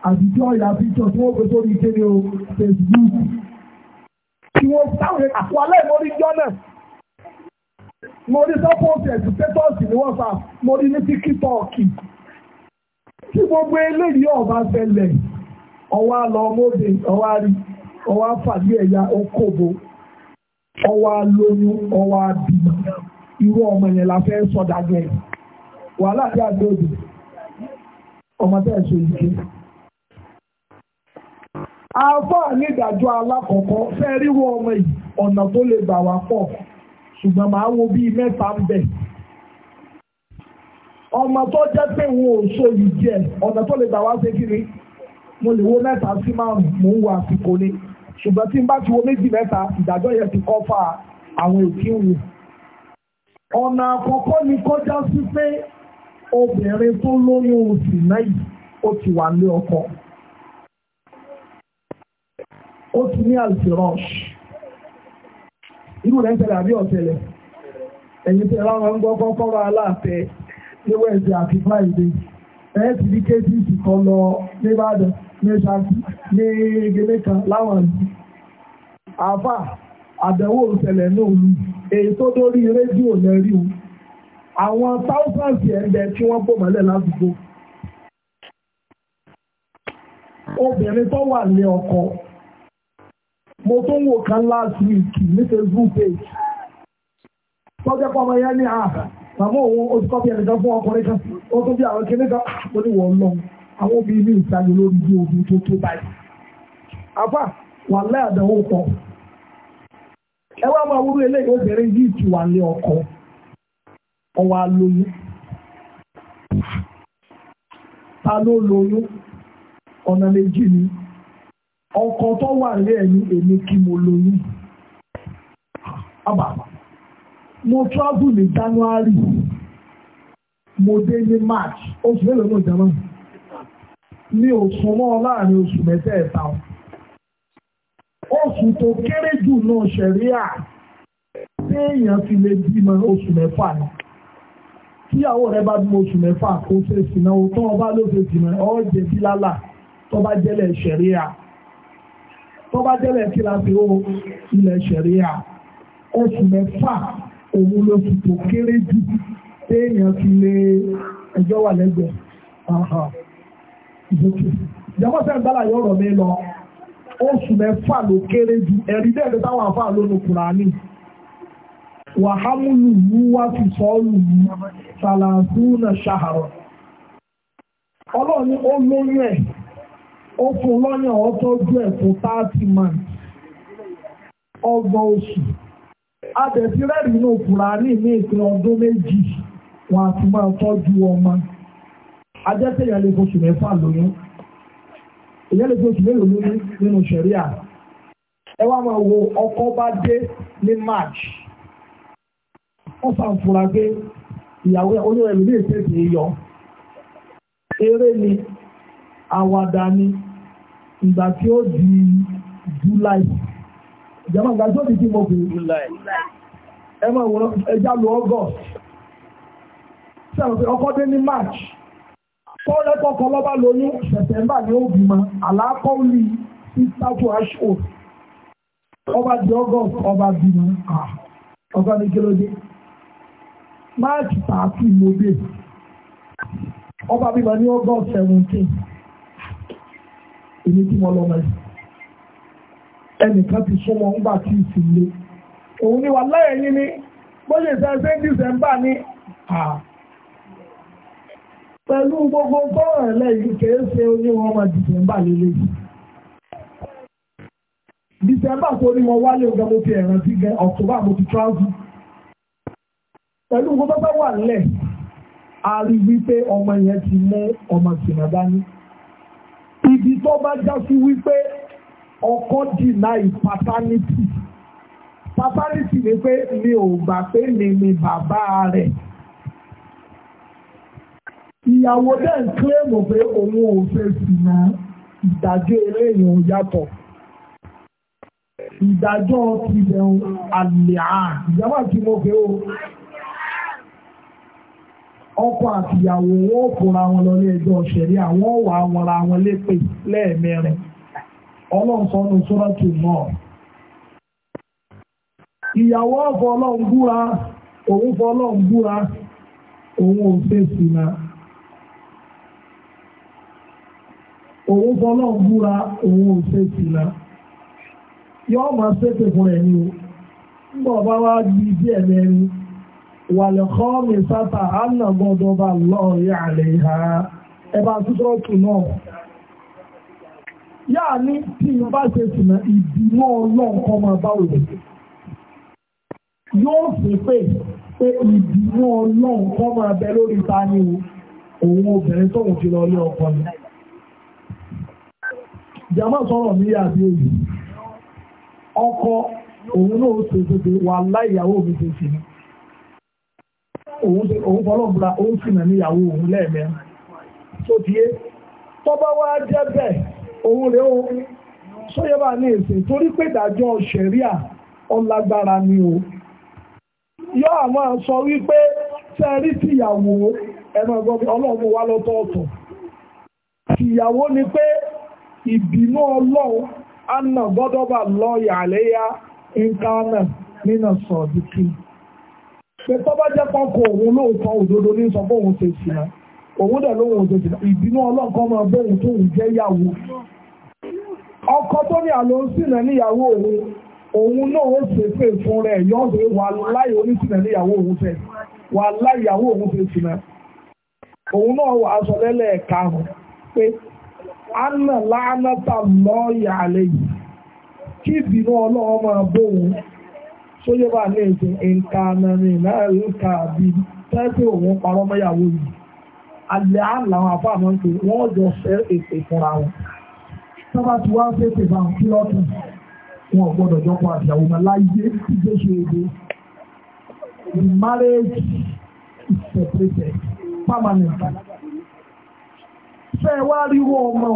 àti tí ọ̀yà fídíò tí wọ́n gbé sórí kéde o Facebook tí táwọn àtúwálẹ̀ mórí jọ́nà mo rí sọ́pọ̀tì ẹ̀dùkẹ́tọ̀ọ̀sì ní wọ́n fà mo rí ní tíkítọ́ọ̀kì tí gbogbo eléyìí ọba ṣẹlẹ̀ ọwọ́ àlọ́ ọmọdé ọwọ́ àrí ọwọ́ àfàdé ẹ̀yà okòbó ọwọ́ àlóyún ọwọ́ àbìmọ̀ irú ọmọ yẹn la fẹ́ sọ̀dàgẹ̀ wàhálà bí àgbẹ̀dù ọmọ tẹ́ ẹ̀ sọ ìdíje. àfáà nídàájọ́ alákọ̀ọ́kọ́ fẹ́ẹ́ ríwọ́ ọmọ yìí ọ̀nà tó lè gbà wá pọ̀ ṣùgbọ́n màá wo bíi mẹ́ta ń bẹ̀. ọmọ tó jẹ́ pé wọn ò so yìí ọ̀nà tó lè gbà wá ṣe kiri mo lè wo mẹ́ta sí márùn-ún mò ń wo àsìkò ni ṣùgbọ́n tí n bá ti wo méjì mẹ́ta ìdájọ́ yẹn ti kọ́ fà àwọn èké wò. ọ̀nà àkọ́kọ́ ni kọjá sí pé obìnrin tó lóyún oṣù náà ó ti wà lé ọkọ ó ti ní àlùfẹ́ rọ́ọ̀ṣì irú rẹ̀ ń ṣẹlẹ̀ àbí ọ̀ṣẹlẹ̀ ẹ̀yin tẹ láwọn ń gbọ́ kọ́kọ́rọ́ aláàfẹ́ ní wẹ́ẹ̀sì àti fáìdé ẹ̀ ti di kéjìsì kan lọ nìbàdàn ní ṣáàtì ní gẹ́gẹ́ kan láwọn ìlú àfà àdánwò ìṣẹ̀lẹ̀ náà lu èyí tó dórí rédíò lẹ́rí o àwọn thousands ẹ̀ńdẹ tí wọ́n bò mọ́lẹ̀ ládùúgbò obìnrin tó wà ní ọkọ̀ mo tó ń last week ní facebook page pọ̀ ya ní màmá òun ó kọ́ bí fún ọkùnrin kan ó tún bí àwọn kìnnìkan ó ní wọ́n lọ àwọn obìnrin ní ìsàlẹ̀ lórí bí tó tó báyìí wà láì àdánwò pọ̀ ẹ wá máa wúrú eléyìí obìnrin yìí ti wà ọkọ ọwọ́ alóyún ta ló lóyún ọkọ tó wà lé ẹ̀yìn èmi kí mo lóyún àbàbà mo travel ní January mo dé ní March oṣù mélòó ní ìjọba mi ò sùn mọ́ láàrin oṣù mẹ́tẹ̀ẹ̀ta oṣù tó kéré jù náà ṣẹ̀ríà téèyàn fi lè bímọ oṣù mẹ́fà ni tíyàwó rẹ bá bímọ oṣù mẹ́fà kó ṣe sìnà o ọba ló ṣe sìnà ọ jẹ bí tó bá jẹ́lẹ̀ ṣẹ̀ríà tó bá jẹ́lẹ̀ kí la fi ó ilẹ̀ ṣẹ̀ríà oṣù mẹ́fà òun ló fi tó kéré jù téèyàn fi lé ẹjọ́ wà lẹ́gbẹ̀ẹ́ ìdókè ìjọmọ́sẹ̀ ń gbálà yọ̀rọ̀ mi lọ oṣù mẹ́fà ló kéré jù ẹ̀rí dẹ́ẹ̀dẹ́ táwọn àfà lónìí Kùránì wàhámùlù yìí wá fi sọ́ọ̀lù yìí sàlàfúnà ṣàhàrọ̀ ọlọ́run ó lóyún ẹ̀ ó fún lọ́yàn ó tọ́jú ẹ̀ fún thirty months ọgbọ̀n oṣù adẹ̀sí rẹ́rìí ní ìpín ọdún méjì wọn àti máa tọ́jú ọmọ ajẹ́sẹ̀ ìyẹn lè fọṣù lóyún lè fọṣù mélòó lóyún nínú ẹ wá wo ọkọ bá dé ní March wọ́n pé ìyàwó ní yọ eré ni àwàdà ni ìgbà tí ó di July ìjọba ìgbà tí ó di kí mo pè é ẹ máa wòrán ẹja lu August sẹ́wọ̀n ọkọ dé ní March tọ́lẹ́tọ́ kan lọ́ba lóyún September ni ó bímọ àlàkọ́ọ̀lì to aṣọ ọba di August ọba bímọ ọgọ́ ní kí ló dé March thirty mo dé ọba bímọ ní August seventeen èmi tí mo lọ mọ ẹsẹ̀ ẹnìkan ti súnmọ́ ńgbà tí ì sì lé òun ni wà lẹ́yìn yín ni bó ṣe sẹ́ ṣe dísẹ́mbà ni pẹ̀lú gbogbo tọ́rọ̀ ẹlẹ́yìn kìí ṣe oyún wọn máa dísẹ́mbà lélẹ̀ yìí dísẹ́mbà tó ní mo wálé ọgbà mo ti ẹ̀ràn sí gẹ ọ̀tọ̀bà mo ti tíráàzù pẹ̀lú gbogbo tọ́rọ̀ wà lẹ̀ a rí ọmọ yẹn ti mú ọmọ tìǹbà dání tó bá já sí wípé ọkọ dìnnà ìpátánítì pátánítì ni pé mi ò gbà pé mi ni bàbá rẹ̀ ìyàwó dẹ̀ ń kílèmù pé òun ò fẹ́ sí náà ìdájọ́ eléyìí ò yàtọ̀ ìdájọ́ ti bẹ̀rù àlè àà ìjọba tí mo fẹ́ o. ọkọ àtìyàwó wọn ò fòra ahụ lọ ní ẹjọ́ àwọn wà ahụ ra wọn lépè lẹ́ẹ̀mẹrin ọlọ́nsọ́nù sọ́rọ́tù náà ìyàwó ọkọ ọlọ́run búra òun fọ ọlọ́run búra òun ò fèsì náà òun fọ ọlọ́run búra òun di bí wàlẹ̀kọ́mì sáta annàgbọ́dọ̀bà lọ́ọ̀yà rẹ̀ ha ẹba sútọ́ọ̀tù náà yáà ní tí n bá ṣe sùnà ìdìmọ́ ọlọ́ǹkan máa bá òwe yóò fi pé pé ìdìmọ́ ọlọ́ǹkan máa bẹ lórí tani o òun obìnrin tóun ti lọ ilé ọkọ ni jàmá sọ̀rọ̀ mi yà bí èyí ọkọ òun náà ṣe ṣe wà láìyàwó mi ṣe ṣe ni. òun fọlọ́bùra òun fìnà níyàwó òun lẹ́ẹ̀mẹ́rin tó tiẹ́ tọ́ba wá jẹ́ bẹ́ẹ̀ òun rẹ̀ ó sóyè bá ní èsè torí pé ìdájọ́ ṣẹ̀ríà ọlágbára ni o yọ àwọn sọ wípé sẹ́rí tìyàwó ẹnu ọgbọ́n ọlọ́run wá lọ́tọ̀ọ̀tọ̀ tìyàwó ni pé ìbínú ọlọ́run ànà gbọ́dọ̀ bá lọ́ọ̀yà àléyà nínú sọ̀dùkì. pé tó bá jẹ́ pọ́kọ̀ òun lóòótọ́ òdodo ní sọ bóun ṣe ṣìnà òun dẹ̀ lóhun ṣe ṣìnà ìbínú ọlọ́kan máa bóun tó ń jẹ́ yàwó ọkọ tó ní àlọ́ ṣìnà níyàwó òun òun náà ó ṣe pé fún rẹ̀ yọ́ ṣe wà láì oníṣìnà níyàwó òun fẹ́ wà láì ìyàwó òun ṣe ṣìnà òun náà wà aṣọ lẹ́lẹ̀ karùn-ún pé anna lánàtà lọ́ọ̀yà àlẹ́ yìí kí ìbínú ọlọ́run máa bóun sóyè wà ní ètò ìkànnì náà ló kà bí tẹ́sí òun parọ́ mọ́yàwó yìí alẹ́ àlàwọn àfáà máa ń pè wọ́n jọ fẹ́ ètò ìfúnra wọn sábà tí wọ́n fẹ́ pè bá ń kí lọ́tún wọn ò gbọ́dọ̀ jọ́pọ̀ àtìyàwó máa láyé tí the marriage is separated permanent fẹ́ wá ríwọ́ ọmọ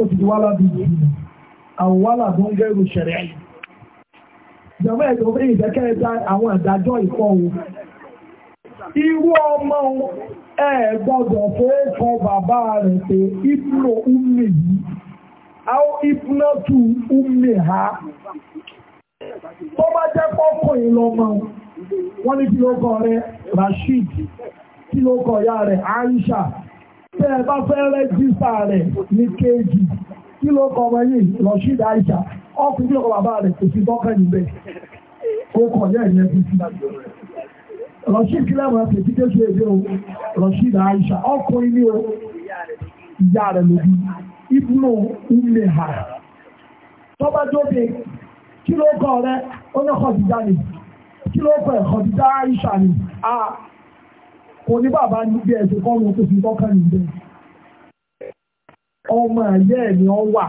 òtítí wàhálà bíi ìdìbò àwọn wàhálà tó ń gẹ́rù ṣẹ̀rẹ̀ yìí jọmọ́ ẹ̀jọ̀ fún ìfẹ́kẹ́ dá àwọn ìdájọ́ ìfọ́ o irú ọmọ ẹ̀ gbọ́dọ̀ fóókọ bàbá rẹ̀ pé ìpínlò umi yìí àwọn ìpínlò tù umi ha tó bá jẹ́ pọ́kùn ìlọmọ wọ́n ní kí rẹ̀ Rashid kí ya rẹ̀ Aisha tẹ́ ẹ bá fẹ́ rẹ́jísà rẹ̀ ní kéèjì kí ló kọ ọmọ yìí Rashid Aisha ọkùnrin kí ló kọ bàbá rẹ̀ kò sí bọ́kàn níbẹ̀ ó kọ̀ yẹ́ ìyẹn fi sí Rashid kí lẹ́mọ̀ tí kéṣe èdè o Rashid Aisha ọkùnrin ní o ìyá rẹ̀ ló bí ilé ha tọ́ba jóde kí ló kọ rẹ ó ní kọ̀dídá ni kí ló kọ ẹ̀ kọ̀dídá ni a kò ní bàbá ní bí ẹ̀sìn kọ́ ọmọ ẹ̀yẹ́ ẹ̀ ni wọ́n wà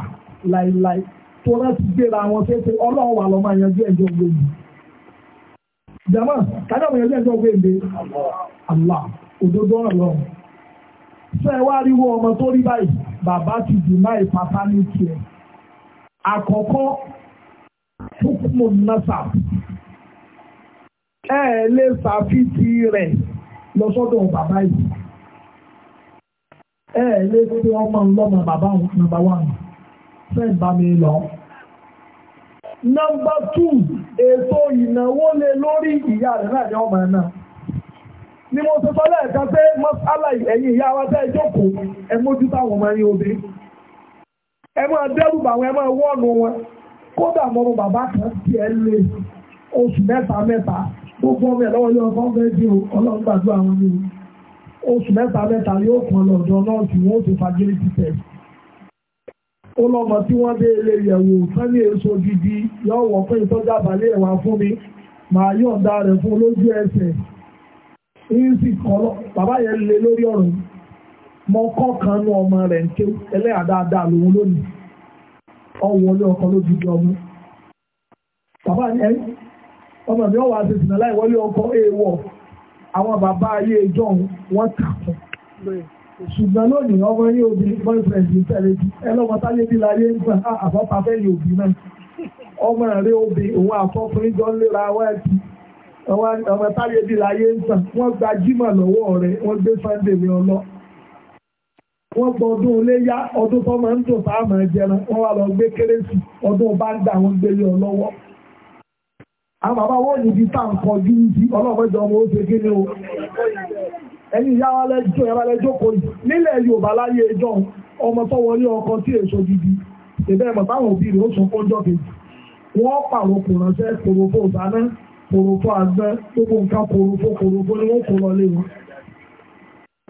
láìláì tó láti gbéra wọn kéṣe ọlọ́run wà lọ́mọ àyànjú ẹ̀jọ́ gbèǹde. jama kájọ́ àwọn ẹ̀yẹ́ ẹ̀jọ́ gbèǹde àlá òdodo ọ̀rọ̀ sọ ẹ wá ríwọ ọmọ tó rí báyìí bàbá ti dì máa ìpapá ní tiẹ̀ àkọ́kọ́ hukumu nasa ẹ lè ṣàfitì rẹ̀ lọ sọ́dọ̀ bàbá yìí ẹ lé tí ọmọ ńlọ́mọ bàbá nàbà wà ní fẹ́ẹ̀ bá mi lọ. nọmba tù ètò ìnáwó lé lórí ìyá rẹ̀ náà ní ọmọ náà ni mo sọ sọ lẹ́ẹ̀kan pé mọ́sálà ẹ̀yìn ìyá wa tẹ́ jókòó ẹ mójútó àwọn ọmọ yín obìnrin ẹ máa dẹ́rù bàwọn ẹ máa wọ́ọ̀nù wọn kódà mọ́mọ bàbá kan ti ẹ̀ lé oṣù mẹ́ta mẹ́ta gbogbo ọmọ ẹ̀ lọ́wọ́ ilé ọkọ̀ ọ̀gbẹ́ jù ọlọ́run gbàdúrà wọn ni o. oṣù mẹ́ta mẹ́ta yóò kàn lọ́dọ̀ nọ́ọ̀sì wọn ó ti fagility test ó lọ́mọ tí wọ́n dé ilé yẹ̀wò sẹ́ni èso gidi yóò wọ̀ pé ìtọ́jà balẹ̀ ẹ̀wà fún mi màá yọ̀ǹda rẹ̀ fún olójú ẹsẹ̀ ń sì kọ́ bàbá yẹn lé lórí ọ̀rọ̀ mọ kọ́ kan ní ọmọ rẹ̀ ń ké lòun lónìí ọkọ ọmọ àwọn bàbá ayé ìjọ wọn kàkún ṣùgbọ́n lónìí ọmọ ní obìnrin boyfriend ní tẹ́lẹ̀ bí ẹlọ́mọ táyé bí láyé ń gbà àfọ́pá fẹ́yìn òbí náà ọmọ rẹ̀ obì òun àfọ́kùnrin jọ ń léra wáyẹ̀tì ọmọ táyé bí láyé ń gbà wọ́n gba jímọ̀ lọ́wọ́ rẹ̀ wọ́n gbé sunday mi ọlọ́ wọ́n gbọ́ ọdún iléyá ọdún tó ń dùn sáà máa jẹran wọ́n wá lọ gbé kérésì ọdún bá ń dà wọ́n gbélé ọ lọ́wọ́ àwọn bàbá wọ́n níbi tá ń kọjú sí ọlọ́pẹ́jọ ọmọ ó ṣe kí ní o ẹni ìyá wa lẹ́jọ́ ẹ̀rọ lẹ́jọ́kọ̀ nílẹ̀ Yorùbá láyé ẹjọ́ ọmọ tó wọlé ọkọ tí èso gidi ìbẹ́ ẹ̀mọ̀ táwọn òbí rẹ̀ ó sọ fọ́jọ́ kejì wọ́n pàrọ̀ kò ránṣẹ́ korofo ìdáná korofo àgbẹ́ gbogbo nǹkan korofo korofo ni wọ́n kó lọ lé wọn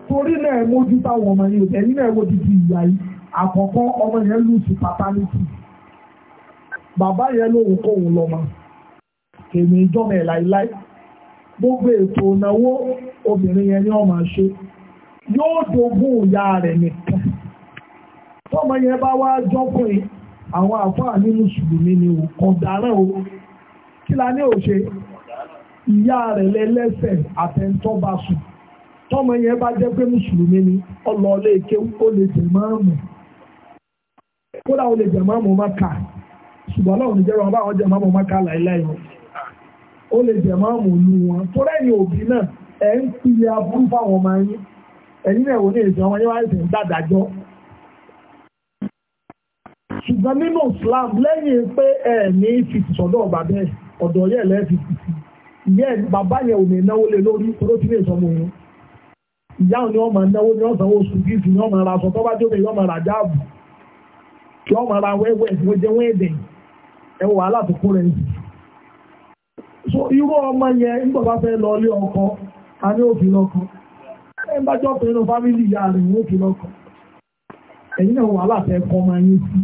torí náà mójú táwọn èmi ìjọba ẹ̀ láíláí gbogbo ètò ìnáwó obìnrin yẹn ni wọ́n máa ṣe yóò dogún ìyá rẹ̀ nìkan tọ́mọ yẹn bá wá jọ́kùnrin àwọn àfáà ní mùsùlùmí ni ò kọ̀dáràn o kí la ní òṣè ìyá rẹ̀ lẹ́lẹ́sẹ̀ àtẹ̀ntọ́ba sùn tọ́mọ yẹn bá jẹ́ pé mùsùlùmí ni ọlọ́ọ̀lẹ́ èké ó lè jẹ̀ máàmù kódà ó lè jẹ̀ máàmù mọ́ka ṣùgbọ́n náà ò ní jẹ́ wọn bá jẹ̀ máàmù mọ́ka láìláì wọn ó lè jẹ máa mú lu wọn tó rẹ́yìn òbí náà ẹ̀ ń pìlẹ̀ aburú fáwọn ọmọ yín ẹ̀yin náà wò ní èsì ọmọ yín wá ẹ̀sìn gbàdájọ́ ṣùgbọ́n nínú Islam lẹ́yìn pé ẹ̀ ní fìtì sọ́dọ̀ ọ̀bà bẹ́ẹ̀ ọ̀dọ̀ yẹ̀ lẹ́ẹ̀fì fìtì ìyẹ́ bàbá yẹn ò ní náwó lé lórí tó ti lè sọmọ yẹn ìyá òní ọmọ náwó ní ọ̀sán so irú ọmọ yẹn nígbàbá fẹ́ lọ ọkọ a ní òfin lọ́kọ ẹ̀yìn bá jọ́pọ̀ nínú fámílì ìyá rẹ̀ ní òfin lọ́kọ ẹ̀yìn náà wà láti ẹ̀kọ́ ọmọ yẹn sí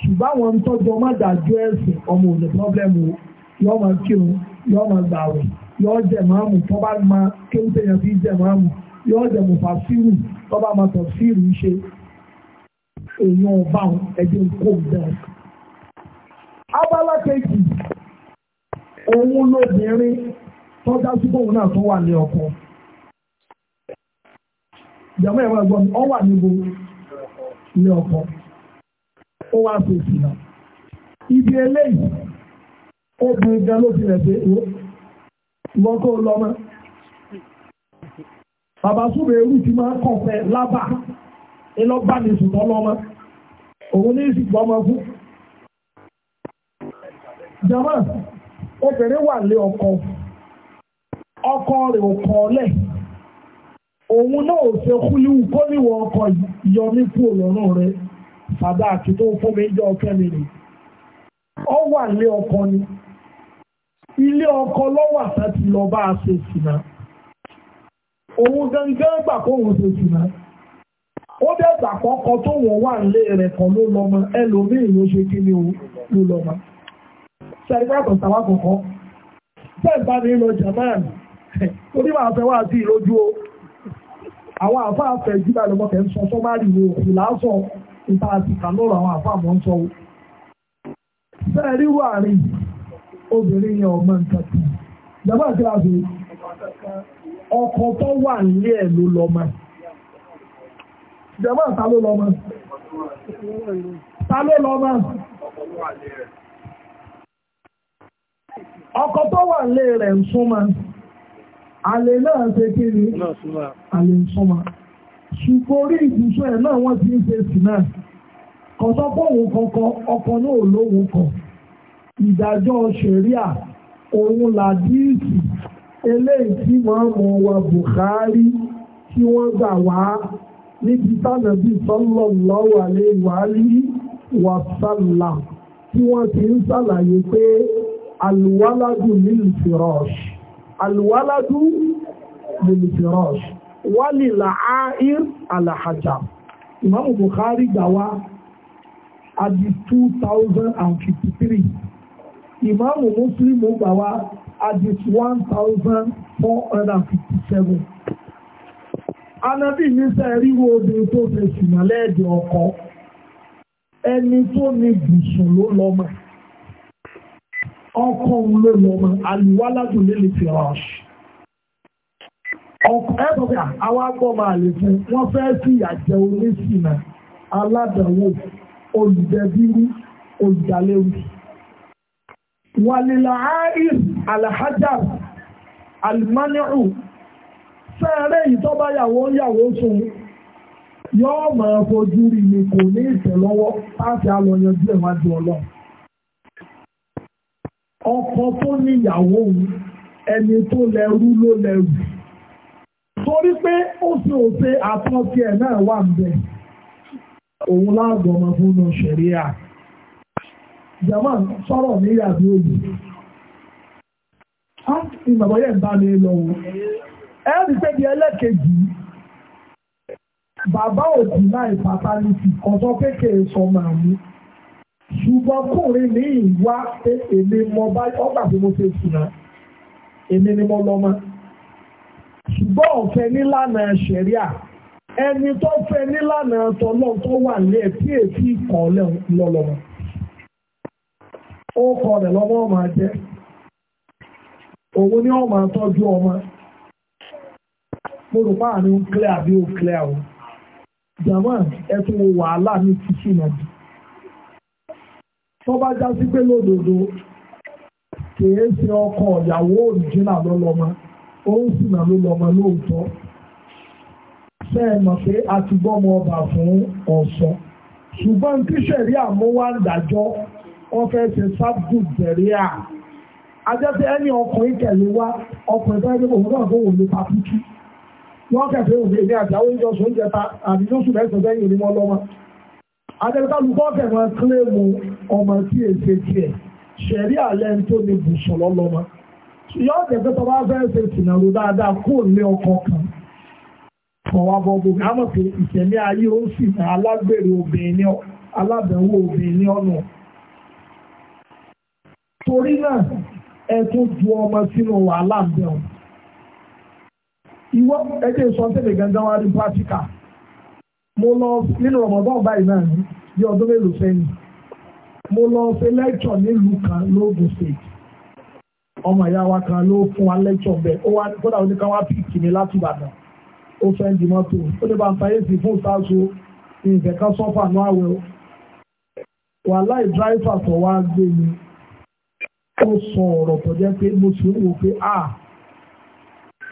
ṣùgbọ́n àwọn tọ́jú ọmọ àdájọ́ ẹ̀sìn ọmọ pọ́blẹ́mù yọ́ kírun yọ́ yọ́ tó fi yọ́ fàṣírù tó bá ọba òun lóbìnrin tó dá sí bóun náà tó wà ní ọkọ ìjàmọ́ ẹ̀wọ̀n ẹ̀gbọ́n ọ wà níbo ní ọkọ ó wá sí ìsìnà ibi eléyìí obìnrin gan ló ti rẹ̀ pé ìwọ́n tó lọ́mọ bàbá súnmọ́ ewu ti máa kọ̀ fẹ́ lábà ìlọ́gbà ní ìsùnmọ́ lọ́mọ òun ní ìsìnkú ọmọ fún jama obìnrin wà lé ọkọ ọkọ rẹ ò kọ́ òun náà ò ṣe kúlíwù ọkọ yọ ní kú òlọ́rùn fàdá àti tó fún ọ wà lé ọkọ ni ilé ọkọ lọ́wọ́ ti lọ bá a ṣe sìnà òun gangan gbà kó òun ṣe sìnà ó dẹ́gbà kọ́kọ́ tó wà lé rẹ̀ kan ló lọ́mọ ẹlòmíì ló ṣe kí ni ó lọ́mọ. sẹ́ríkàtọ̀ sàwọn kọ̀ọ̀kan bẹ́ẹ̀ bá ní lọ japan torí máa fẹ́ wá sí ìlójú o àwọn àfa àfẹ́jú bá lọ́mọ kẹ́ ń sọ sọ́márì wo òkú lásán nípa àti kàlọ́rọ̀ àwọn àfa àmọ́ ń sọ o bẹ́ẹ̀ rí wàárín obìnrin yẹn ọmọ nǹkan kan ìjọba àti àbí ọkọ̀ tó wà nílé ẹ̀ ló lọ́mọ ìjọba ta ló lọ́mọ ta ló ọkọ tó wà lé rẹ̀ ń súnmọ́ àlè náà ṣe kí ni àlè ń súnmọ́ ṣùgbọ́n orí ìbùsùn ẹ̀ náà wọ́n ti ń ṣe sí náà kọ̀tọ́ pọ̀wọ̀n kọ̀kọ́ ọkọ náà lówó kọ̀ ìdájọ́ ṣẹ̀ríà òun làdíìsì eléyìí tí wọ́n mọ̀ wà Bukhari tí wọ́n gbà wá níbi tánàbí sallallahu alaihi wa alihi wa sallam tí wọ́n ti ń ṣàlàyé pé alwaladu lilfirash alwaladu lilfirash walil air alahaja ìmáàmù Bukhari gbà wá adi 2053 ìmáàmù Muslim gbà adi 1457 anabi ní sẹ́ẹ̀ríwó obìnrin tó fẹ́ sùn lẹ́ẹ̀dẹ̀ ọkọ ẹni tó ní gbùsùn ló lọ́mọ ọkọ òun ló lọ ọmọ àlùwáládù lè lè fi rọ́ọ̀ṣì ẹ̀bùn bí àwọn agbọ́mọ àlè fún wọ́n fẹ́ sí ìyàjẹ́ oníṣìnà aládàáwò olùdẹ́bírú olùdálẹ́rù wàlìlà áìr alhajar almaniru fẹ́ẹ̀rẹ́ ìtọ́bá yàwó yọ́ mọ̀ fojú rí ni kò ní ìtẹ̀lọ́wọ́ láti alọ́yanjú ẹ̀wájú ọlọ́run ọkọ tó níyàwó òun ẹni tó lẹ́rú ló lẹ́rú torí pé ó sì òṣè àtọ́kí ẹ̀ náà wà ń bẹ̀ òun láàgọ̀ ọmọ fún un ṣẹ̀rí à jama sọ̀rọ̀ níyàwó òun á ìmọ̀bọ̀ yẹn bá mi lọ òun ẹ̀ rí pé bí ẹlẹ́kejì bàbá òkú náà ìpàtàkì kọ̀ọ̀tọ́ kékeré sọmọ àmú ṣùgbọ́n kùnrin ní ìwá pé èmi mo bá ọgbà tí mo ṣe ṣùnà èmi ni mo lọ́mọ ṣùgbọ́n ọ̀fẹ́ nílànà ṣẹ̀ríà ẹni tó fẹ́ nílànà tọ́lọ́ tó wà lẹ́ẹ̀ tí èsì ìkọ̀ lọ́lọ́mọ ó kọ rẹ̀ lọ́mọ ọmọ jẹ́ òun ni ọmọ àtọ́jú ọmọ mo rò páà ní ó clear bí ó clear o jàmọ́ ẹ tún wo wàhálà ní títí náà tó bá já sí pé lódodo kìí ṣe ọkọ ìyàwó òrìjínà ló lọ́mọ ó ń sìnà ló lọ́mọ lóòótọ́ ṣe é mọ̀ pé a ti gbọ́mọ ọba fún ọ̀sán ṣùgbọ́n tíṣẹ̀rí àmúwá ìdájọ́ wọ́n fẹ́ ṣe sábdù bẹ̀rẹ̀ à ajẹ́sẹ̀ ẹni ọkùnrin tẹ̀lé wá ọkùnrin tẹ́lẹ̀ òun náà tó wò ló pa púpù wọ́n kẹfẹ́ òun èmi àti àwọn ìjọsùn oúnjẹ ta àbí lóṣù mẹ́sàn-án lẹ́yìn onímọ̀ lọ́wọ́ adẹ́gbẹ́lúgbọ́ fẹ̀mọ́ kílẹ̀mù ọmọ tí èsè tiẹ̀ ṣẹ̀rí àlẹ́ tó ní bùsùn lọ́lọ́mọ yóò tẹ̀sẹ̀ tó bá fẹ́ ṣe tìnàrú dáadáa kó lé ọkọ̀ kan ọwọ́ bọ́ gbogbo àmọ́ pé ìṣẹ̀lẹ̀ ayé ó sì ní alágbèrè obìnrin alábẹ̀wò obìnrin ọ̀nà torí náà ẹ tún ju ọmọ sínú wàhálà ń bẹ̀rù ìwọ ẹgbẹ́ ìsọ̀tẹ̀lẹ̀ gangan wá rí pátíkà mo lọ nínú ọmọdé báyìí náà ní bí ọdún mélòó sẹ́yìn mo lọ ṣe lẹ́kṣọ̀ nílùú kan lóògùn state ọmọ ìyá wa kan ló fún wa lẹ́kṣọ̀ bẹ́ẹ̀ ó wá kódà ó ní ká wá pìkì mi láti Ìbàdàn ó fẹ́ di mọ́tò ó ní bá ń fàyè sí fún ìsáàsó ìfẹ́ sọ́fà àwẹ̀ o wàhálà ìdráìfà tó wá gbé mi ó sọ ọ̀rọ̀ a ah,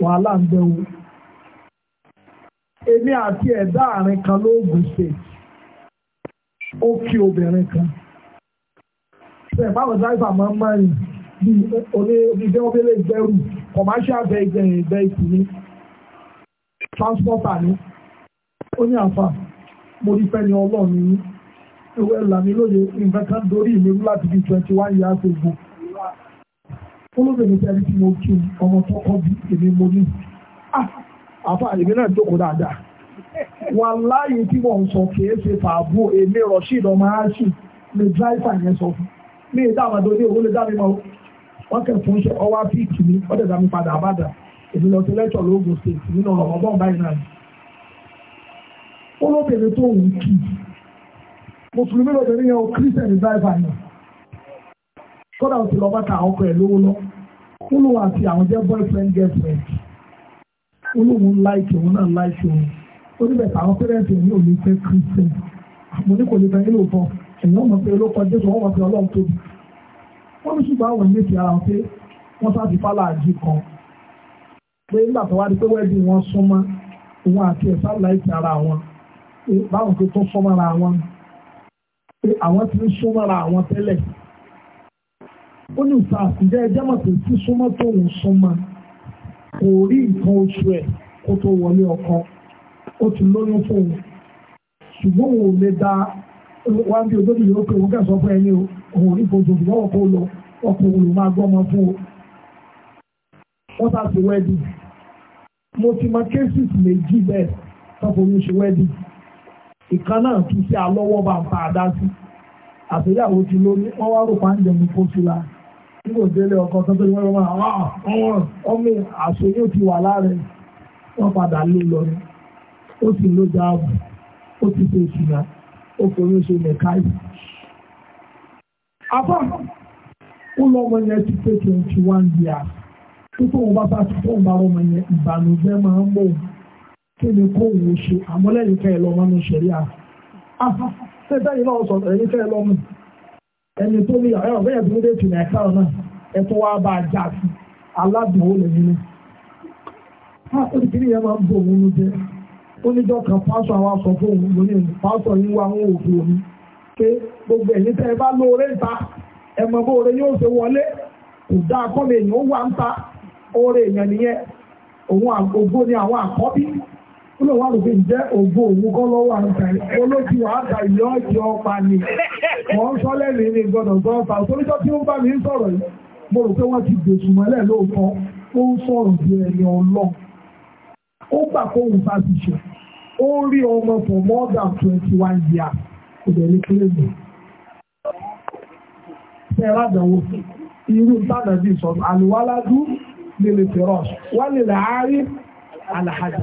wàhálà ń bẹ́ èmi àti ẹ̀dá àárín kan lóògùn state ó kí obìnrin kan ṣe ìbáwọ̀ dáìfà máa ń márìn bí oní ìgbẹ́ ọ̀bẹ́lẹ̀ ìgbẹ́rù commercial vehicle ìgbẹ́ ìkùnrin transporter ni ó ní àfà mo rí fẹ́ ni ọlọ́run ní ìwé ìlànà lóye nǹkan kan dorí ìlú láti bí twenty one years ago olóbìnrin tẹ́lẹ̀ tí mo kí ọmọ tọkọ bí èmi mo ní. Ah! àfa èmi náà jókòó dáadáa wà láàyè tí wọ́n sọ kìí ṣe fàábù èmi rọ̀ṣìd ọmọ áṣì lè dráìfà yẹn sọ fún mi ìdá àmàdo ní òun lè dá mi mọ́ wọ́n kẹ́ fún iṣẹ́ ọwá píìkì mi wọ́n dẹ̀ dá mi padà àbádà èmi lọ sí lẹ́tọ̀ lóògùn state nínú ọ̀rọ̀ ọgbọ́n báyìí náà olóbìnrin tó ń kì í mùsùlùmí lóbìnrin yẹn o kírísítẹ̀nì dráìfà yẹn kódà ó ti lọ bá ta ọkọ̀ ẹ̀ lówó lọ kúlù àti àwọn jẹ́ boyfriend girlfriend olóhùn láìkì òun náà láìkì òun ó níbẹ̀ táwọn pẹ́rẹ́ǹtì òun ò ní fẹ́ kírísítẹ́n mo ní kò lè bẹ nílò fọ ẹ̀yìn ọmọ pé olókọ jésù wọn mọ pé ọlọ́run tóbi wọ́n ní ṣùgbọ́n àwọn ìmẹ̀tì ara wọn pé wọ́n sá ti fálà àjí kan pé nígbà tó wá di pé wẹ́ẹ̀dì wọn súnmọ́ òun àti ẹ̀sán láìkì ara wọn báwọn tó tún súnmọ́ra wọn pé àwọn ti ń súnmọ́ra àwọn tẹ́lẹ̀ ó ní ìta àtijọ́ ẹjẹ́ mọ̀ pé tí súnmọ́ tóun súnmọ́ kò rí nǹkan oṣù ẹ kó tó wọlé ọkọ ó ti lóyún fún un ṣùgbọ́n òun ò lè da wá bí odó ó pé òun kẹsàn fún ẹni òun ò ní ṣùgbọ́n ọkọ lọ ọkọ òun ló máa fún mo ti mọ cases méjì bẹ́ẹ̀ tọ́pọ̀ oyún ṣe wẹ́ẹ̀dì ìkan náà alọ́wọ́ bá ń pa àdá sí àtẹ̀yàwó tí kò délé ọkọ tó tẹ́lẹ̀ wọ́n máa wọ́n ah, ọmọ àṣeyọ́ ti wà lára wọ́n padà lé lọ ni ó sì ló jáàbù ó ti ṣe ìṣìnà ó forí ṣe mẹ̀káì. afá ó lọ ọmọ yẹn ti pé twenty one years wọn bá wọn bá ọmọ yẹn máa ń bọ̀ kí ni kó ṣe ẹ ní ẹni tó ní ọ̀rẹ́ ọ̀rẹ́ ẹ̀dùn lè tún ẹ̀ka ọ̀nà ẹ̀tọ́ wa bá a já sí aládùn ó lè nínú. a ó ní kí nìyẹn máa ń bò òun ní jẹ kan pásọ àwọn aṣọ fún òun lónìí pásọ wá òfin òun pé gbogbo tẹ́ ẹ bá ta Kúlò wà ló fi jẹ́ ògbó òun kọ́ lọ́wọ́ àǹtàrí. Olójú àǹtàrí yọ jẹ ọpa ni. Mọ̀ ń sọ lẹ́nu ní gbọdọ̀ sọ ọ̀fà. Toríjọ́ tí ó bá mi ń sọ̀rọ̀ yìí, mo rò pé wọ́n ti gbèsù mọ́lẹ̀ lóòótọ́. Ó ń sọ̀rọ̀ bí ẹni ọlọ́run. Ó gbà kó òun bá ti ṣe. Ó rí ọmọ for more than twenty one years. Kò dẹ̀ ní kílè mi. Ṣé ẹ ládàáwò? Irú tàbí sọ̀rọ̀ àlùwáládú lè lè fẹ́ràn. Wọ́n lè lè àárín àlàájá.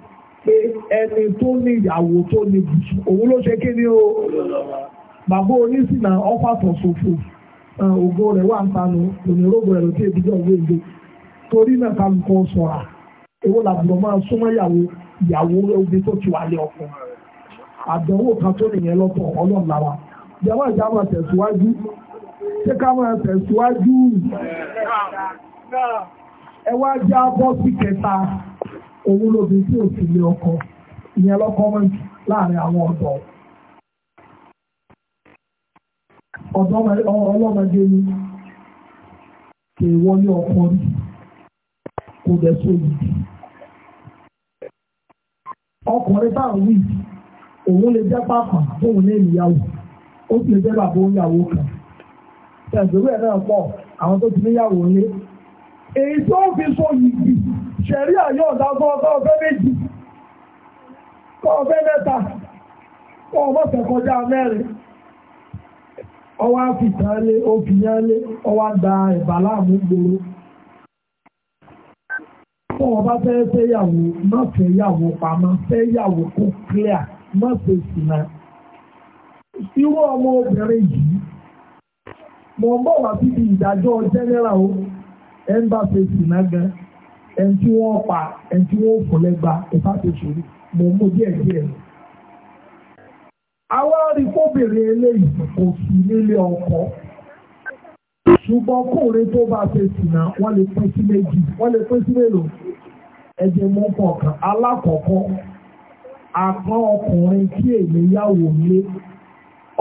pé ẹni tó ní ìyàwó tó ní bùsù òun ló ṣe kíni o bàbá onísìnà ọ́fàtọ̀ ṣòfò ògo rẹ̀ wà ń panu ònìrógbò rẹ̀ ló tí èdìjọ́ òwe ìgbé torí náà ká lùkọ́ sọ̀ra èwo làbùrọ̀ máa súnmọ́ ìyàwó ìyàwó obi tó ti wà lé ọkọ àdánwò kan tó nìyẹn lọ́tọ̀ ọlọ́run lára ìjọba ìjà máa tẹ̀síwájú ṣé ká máa tẹ̀síwájú ẹ wá já bọ́ sí kẹta owó lóbi tí ò sì lé ọkọ ìyẹn lọ́kọ́ mọ́ láàrin àwọn ọ̀dọ́ ọlọ́mọdé ni kì í wọlé ọkọ rí kò dẹ̀ sóyè ọkùnrin táà wí òun lè jẹ́ pàápàá tóun lè níyàwó ó sì lè jẹ́ bàbá oníyàwó kan tẹ̀síwẹ̀ náà pọ̀ àwọn tó ti níyàwó lé èyí tó fi sóyè yìí ṣẹ̀rí àyọ́ ọ̀dágbọ́ ọkọ̀ méjì kọ́ mẹ́ta kọ́ kọjá mẹ́rin ọwá fìtàlé òfìyànlé ọwá gba ìbàláàmú gbòòrò tó fẹ́ fẹ́ yàwó má yàwó pamọ́ fẹ́ yàwó kó irú ọmọ obìnrin yìí mọ̀ ń bọ̀ wá síbi ìdájọ́ ó ń bá ẹni tí wọ́n pa ẹni tí wọ́n fò lẹ́gba ẹ̀fà tó ṣòro mọ̀ mọ́ díẹ̀ díẹ̀ lọ. àwọn arìkóbìnrin eléyìí kò sí nílé ọkọ ṣùgbọ́n kóore tó bá ṣe sìnà wọ́n lè pín sí méjì wọ́n lè pín sí mélòó ẹ̀jẹ̀ mọ́ kọ̀ọ̀kan alákọ̀ọ́kọ́ àpọ́n ọkùnrin tí èmi yàwó lé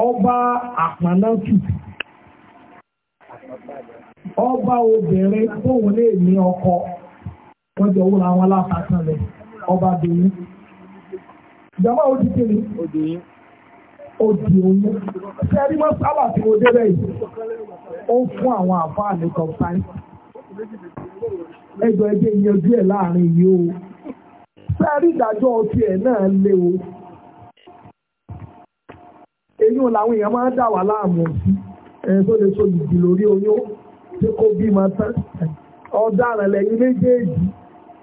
ọba àpánáàtù ọba obìnrin tóun lè ní ọkọ wọ́n jọ wúra wọn látàkàn ọba dòyún ìjọba ó ti kéde oyún sẹ́rí mọ́ sábà tí mo débẹ̀ yìí ó ń fún àwọn àfáà ní ẹjọ́ ẹgbẹ́ ìyanjú ẹ̀ láàrin yìí o ìdájọ́ ọtí ẹ̀ náà o èyí ò làwọn èèyàn máa ń dà láàmú sí ẹni tó lè so lórí oyún tí kò tán méjèèjì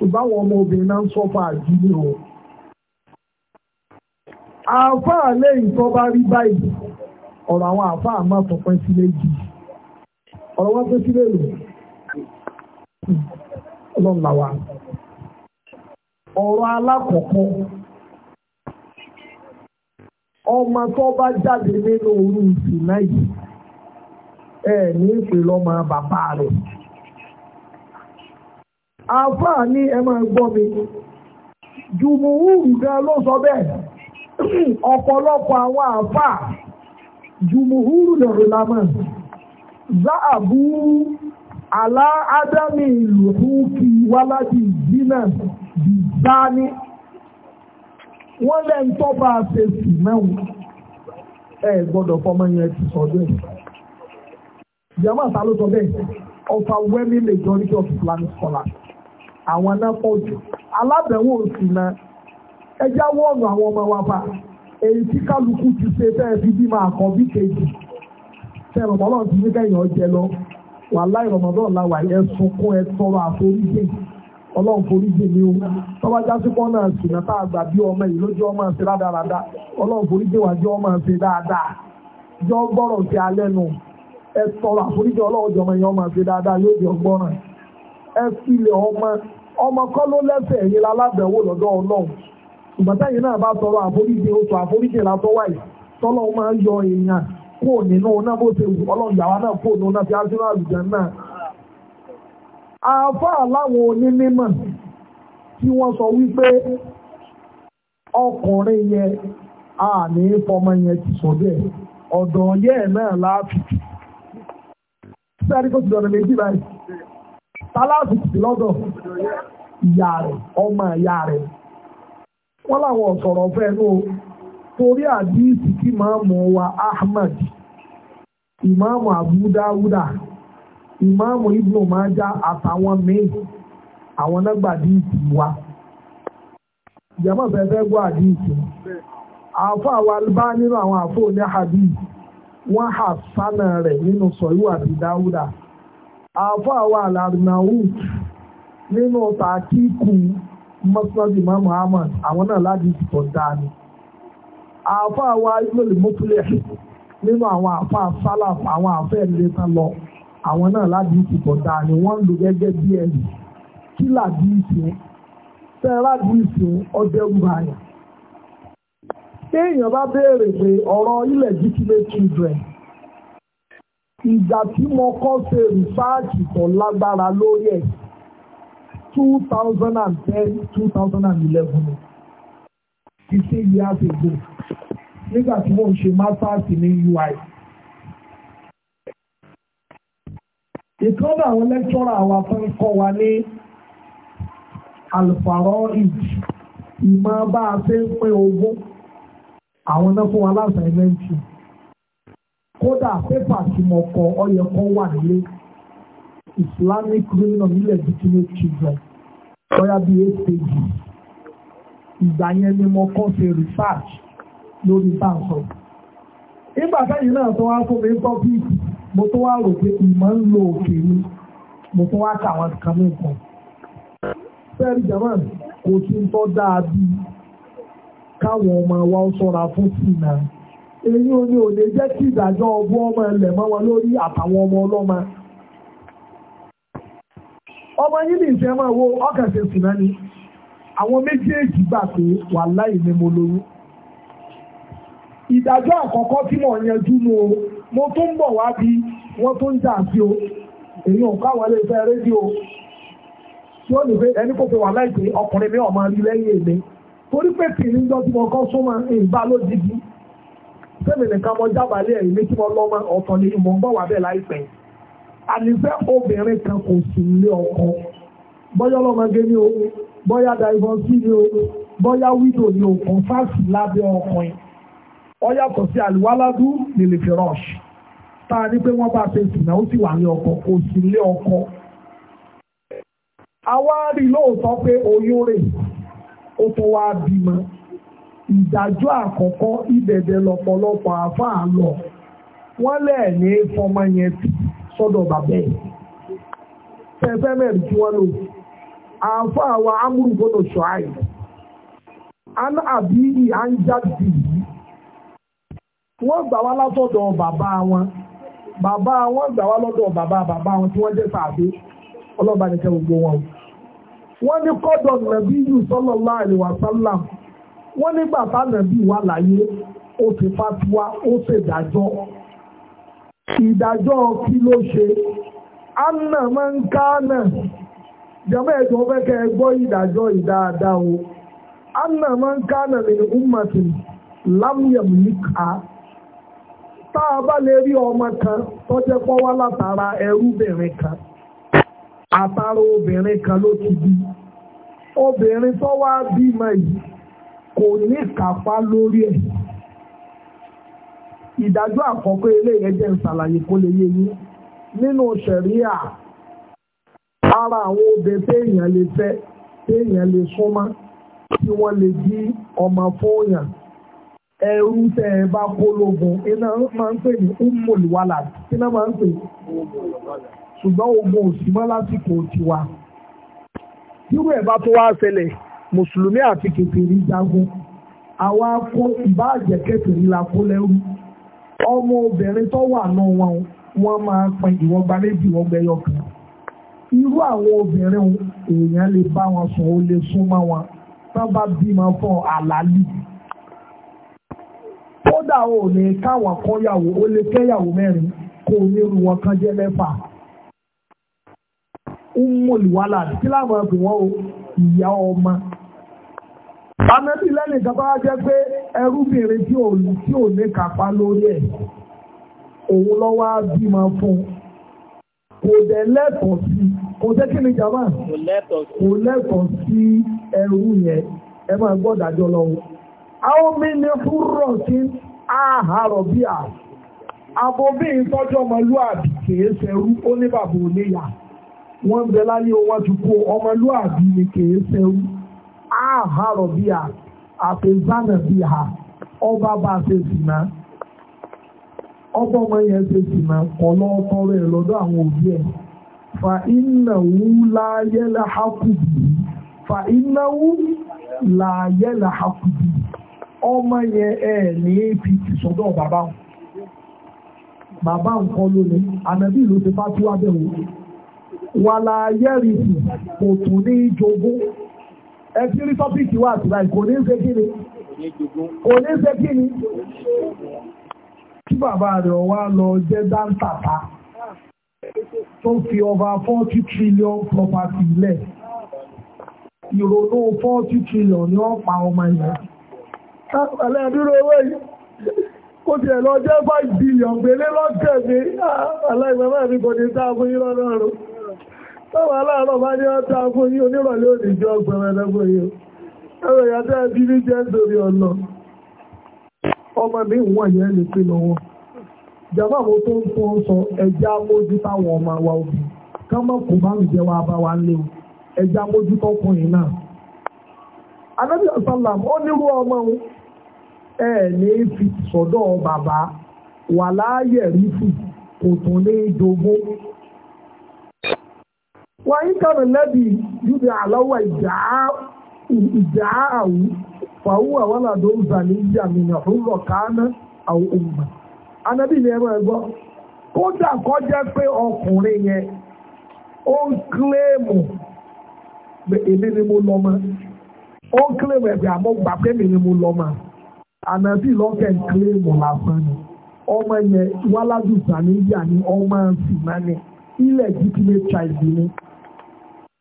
ṣùgbọ́n àwọn ọmọ obìnrin náà ń sọ́fà àjílé o àáfàá lẹ́yìn tó bá rí báyìí ọ̀rọ̀ àwọn àáfàá máa tó pẹ́ sílé jù ọ̀rọ̀ wọn pẹ́ sílé lò ọlọ́làwà ọ̀rọ̀ alákọ̀ọ́kọ́ ọmọ tó bá jáde nínú orú ìsìn náà yìí ẹ̀ ní ìpè lọ́mọ bàbá rẹ̀ àfáà ní ẹ máa gbọ́ mi jùmùhúrù gan ló sọ bẹ́ẹ̀ ọ̀pọ̀lọpọ̀ àwọn àfáà jùmùhúrù lọ̀rọ̀ lámà záàbù àlá ádámì ìlú kí wáládì dínà bí dání wọ́n lẹ́ ń tọ́ba àfẹ́sì mẹ́wọ̀n ẹ gbọ́dọ̀ fọmọ yẹn ti sọ bẹ́ẹ̀ jẹ́mọ́ àtàlósọ bẹ́ẹ̀ overwhelming majority of Islamic scholars àwọn náà pọ̀ jù alábẹ̀wò òsì na ẹ jáwọ́ ọ̀nà àwọn ọmọ wa bá èyí tí kálukú ti ṣe fẹ́ẹ́ fi bí máa kọ́ bí kejì tẹ rọmọdọ́n ti ní kẹ́yìn lọ wà yẹ sunkún ẹ àforíjì o tọ́ba náà sì tá a ọmọ yìí lójú ọmọ rádaràda ọlọ́run foríjì wà ọmọ dáadáa jọ gbọ́rọ̀ alẹ́ nu ẹ ọmọ kọ́ ló lẹ́sẹ̀ ẹ̀yìn aládàáwò lọ́dọ̀ ọlọ́run ṣùgbọ́n táyìn náà bá tọrọ àforíjì oṣù àforíjì látọ́ wáyé tọ́lọ́ máa ń yọ èèyàn kúrò nínú náà bó ṣe wù ọlọ́run yàrá náà kúrò nínú náà fi áṣírò àlùjá náà. àáfàá láwọn onímọ̀ tí wọ́n sọ wípé ọkùnrin yẹn a ní fọmọ yẹn ti sọ bẹ́ẹ̀ ọ̀dọ̀ yẹn náà láàfin. sẹ́ẹ̀rí kò sì dọ̀nà méjì báyìí. tálásì sí lọ́dọ̀ ìyá ọmọ ìyá rẹ̀ wọ́n láwọn fẹ́ torí àdíìsì kí wa Ahmad ìmáàmù Abu Dawuda Ibnu Maja àtàwọn míì àwọn nágbàdíìsì wa ìjàmọ́ fẹ́ fẹ́ gbọ́ àdíìsì Afọ àwọn albá nínú àwọn oní hà sánà nínú Dawuda. àfọ́ àwọn alàrùnàwùd nínú tàkíkù mọ́sánàdì mọ́ Muhammad àwọn náà láti ìtọ̀ dání àfọ́ àwọn ibùdó nínú àwọn afọ sálàf àwọn afọ ẹ̀lẹ́ta lọ àwọn náà láti ìtọ̀ dání wọ́n ń lò gẹ́gẹ́ bí ẹ̀lì kí làdí ìsìn tẹ́ láti ìsìn ọdẹ wúrayà téèyàn bá béèrè pé ọ̀rọ̀ ilẹ̀ jíkílé children ìgbà tí mo kọ́ ṣe rìsáàtì tó lágbára lórí ẹ̀ 2010-2011 fifteen years ago nígbà tí mo ń ṣe masters ní UI. ìkọ́nà àwọn lẹ́kítọ́rà wa fún kọ́ wa ní alfarọ́ ìjì ìmọ̀ bá a ṣe ń pín ogún àwọn náà fún wa láti ẹ̀mẹ́ntì kódà pépà tí mo kọ ọyẹ kan wà nílé islamic union nílẹ̀ bikini children lọ́yà bíi eight pages ìgbà yẹn ni mo kọ́ ṣe research lórí báńsọ. nígbà sẹ́yìn náà tó wá fún mi tọ́pìkì mo tó wá rò pé ìmọ̀ ń lo òkè mi mo tó wá kà àwọn kan ní nǹkan. sẹ́ẹ̀rì german kò sí tọ́ dáa bíi káwọn ọmọ wa ó ṣọ́ra fún náà èyí ò ní ò lè jẹ́ kí ìdájọ́ ọgbọ́ ọmọ ẹlẹ̀ mọ́ wọn lórí àtàwọn ọmọ ọlọ́mọ ọmọ yìí ní ìṣẹ́ máa wo ọkẹ̀sẹ̀ sùnà ni àwọn méjèèjì gbà pé wà láì ní mo lóyún ìdájọ́ àkọ́kọ́ tí mò ń yanjú nu o mo tún ń bọ̀ wá bí wọ́n tún ń jà sí o èyí ò káwọn ilé iṣẹ́ rédíò tí ó ní pé ẹni kò fi wà láì pé ọkùnrin mi ò rí lẹ́yìn èmi torí pé tìrìńdọ́ tí mo kọ́ súnmọ́ ìbá lójijì sẹ́mi nìkan mọ jábàálẹ̀ ẹ̀yìn méjì mọ́ lọ́mọ ọ̀tọ̀ ni mo ń bọ̀ wá bẹ́ẹ̀ láìpẹ́ ànífẹ́ obìnrin kan kò sí ilé ọkọ bọ́yá ọlọ́mọge ni o bọ́yá dàìbọ̀nsì ni o bọ́yá wídò ni o kò fásì lábẹ́ ọkùnrin ọ yàtọ̀ sí àlùwaládú nílé fìrọ́ọ̀ṣì tá a ní pé wọ́n bá ṣe sìnà ó sì wà ní ọkọ kò sí ilé ọkọ. àwa rí lóòótọ́ pé oyún rè ó tó wá bímọ ìdájọ́ àkọ́kọ́ ìbẹ̀bẹ̀ lọ́pọ̀lọpọ̀ àáfàá lọ wọ́n lẹ̀ ní fọmọ yẹn sọ́dọ̀ bàbá ẹ̀ tí wọ́n lò àáfàá wa amúrúgbónà ṣọ́àì an àbíyí anjádì yìí wọ́n gbà wá látọ̀dọ̀ bàbá wọn bàbá wọn gbà wá lọ́dọ̀ bàbá bàbá wọn tí wọ́n jẹ́ sàbí ọlọ́ba nìkẹ́ gbogbo wọn wọ́n ní kọ́dọ̀ nàbíyù sallallahu alaihi wasallam wọ́n nígbà tánàbí wà láyé ó ti fatiwa ó ṣèdájọ́ ìdájọ́ kí ló ṣe anna máa ń ká jẹ́mọ́ ẹ̀jọ́ fẹ́ kẹ́ ẹ gbọ́ ìdájọ́ ìdáadáa o anna máa ń ká náà lè ummatin lámúyẹ̀mù tá a bá lè rí ọmọ kan tó jẹ́ pọ́ látara ẹrúbìnrin kò ní kápá lórí ẹ̀ ìdájọ́ àkọ́kọ́ eléyẹ jẹ́ ìsàlàyé kó lè yé yín nínú ṣẹ̀ríà ara àwọn obìnrin téèyàn lè fẹ́ téèyàn lè súnmọ́ tí wọ́n lè di ọmọ fóòyàn ẹrú tẹ ẹ bá kó lógun iná máa ń pè ní umolwala iná máa ń pè ṣùgbọ́n ogun òsì mọ́ lásìkò tiwa. irú ẹ̀ bá tó wá ṣẹlẹ̀ mùsùlùmí àti kèfèrí jagun àwa kó ìbáàjẹ́ kèfèrí la kó lẹ́rú ọmọ obìnrin tó wà náà wọn wọn máa pin ìwọ̀n gba méjì ìwọ̀n gbẹyọ kan irú àwọn obìnrin èèyàn lè bá wọn sùn ó lè súnmọ́ wọn tán bá bímọ fún àlálì kódà ò ní káwọn kọ́yàwó ó lè kẹ́yàwó mẹ́rin kó o ní irú wọn kan jẹ́ mẹ́fà ń mọ̀lì wàhálà kí láwọn ẹgbẹ́ ìyá ọmọ Amẹ́bí lẹ́nu ìjọba wá jẹ́ pé ẹrúbìnrin tí ò ní kápá lórí ẹ̀, òun lọ wá bímọ fún un. Kò dẹ̀ lẹ́tọ̀ọ́ sí, kò jẹ́ kí ni jàmá? Kò lẹ́tọ̀ọ́ sí ẹrú yẹn, ẹ máa gbọ́ dájọ́ lọ́wọ́. Àwọn mi ní fúrọ̀ sí àhàrọ̀ bí à. Abobí ìtọ́jú ọmọlúàbí kìí ṣerú ó ní bàbá oníyà. Wọ́n ń bẹ láyé wọn ti ọmọlúàbí ni kìí ṣerú. ahàrọ̀ bí a àfẹ́zánà bí a ọba ọba ọmọ ṣe àwọn òbí ẹ̀ fa iná fa iná wú láyé làákùbì ọmọ yẹn ẹ̀ ní apc sọ́dọ̀ bàbá wọn bàbá nǹkan lónìí ànábì ló ti ẹ̀sìn rí tọ́pìkì wà àtúrà kò ní ṣe kí ni kò ní ṣe kí ni kí bàbá rẹ̀ wá lọ jẹ́ dáńtàtà tó fi over forty trillion property lẹ̀ ìrònú forty trillion ni wọ́n pa ọmọ yẹn ẹlẹ́dúró owó yìí kó tiẹ̀ lọ jẹ́ five billion gbélé lọ́tẹ̀ mi aláìsàn máa ní kò ní sáà fún yín lọ́dọ̀ rẹ̀. Táwọn aláàrọ̀ bá ní ọta fún yí onírọ̀lẹ́ òdìjọ ọgbẹ̀rẹ̀lẹ́gbẹ̀ yìí. Ẹ̀rọ ìyàtọ̀ ẹbí ní jẹ́ sórí ọ̀nà. Ọmọ mi wọ̀n yẹn lè pín lọ́wọ́. Jàmá mo tó ń fún sọ ẹja mójú táwọn ọmọ wa òbí. Ká má kò bá ń o. Ẹja mójú tọkùnrin náà. Anábì Ọ̀sálàm ó nírú ọmọ wọ́n yí kàmì lẹ́bi yúbi àlọ́wọ́ ìjà àwù fàwọ́ àwọn àdó ń zà ní ìjà mìíràn fún lọ́kàánà àwọn òmùmá anábì ni ẹ̀rọ ẹ̀gbọ́ kódà kọ́ jẹ́ pé ọkùnrin yẹn ó ń kílèmù èmi ni mo lọ ó ń kílèmù ẹ̀bẹ̀ àmọ́ gbà pé èmi ni mo anábì ń ọmọ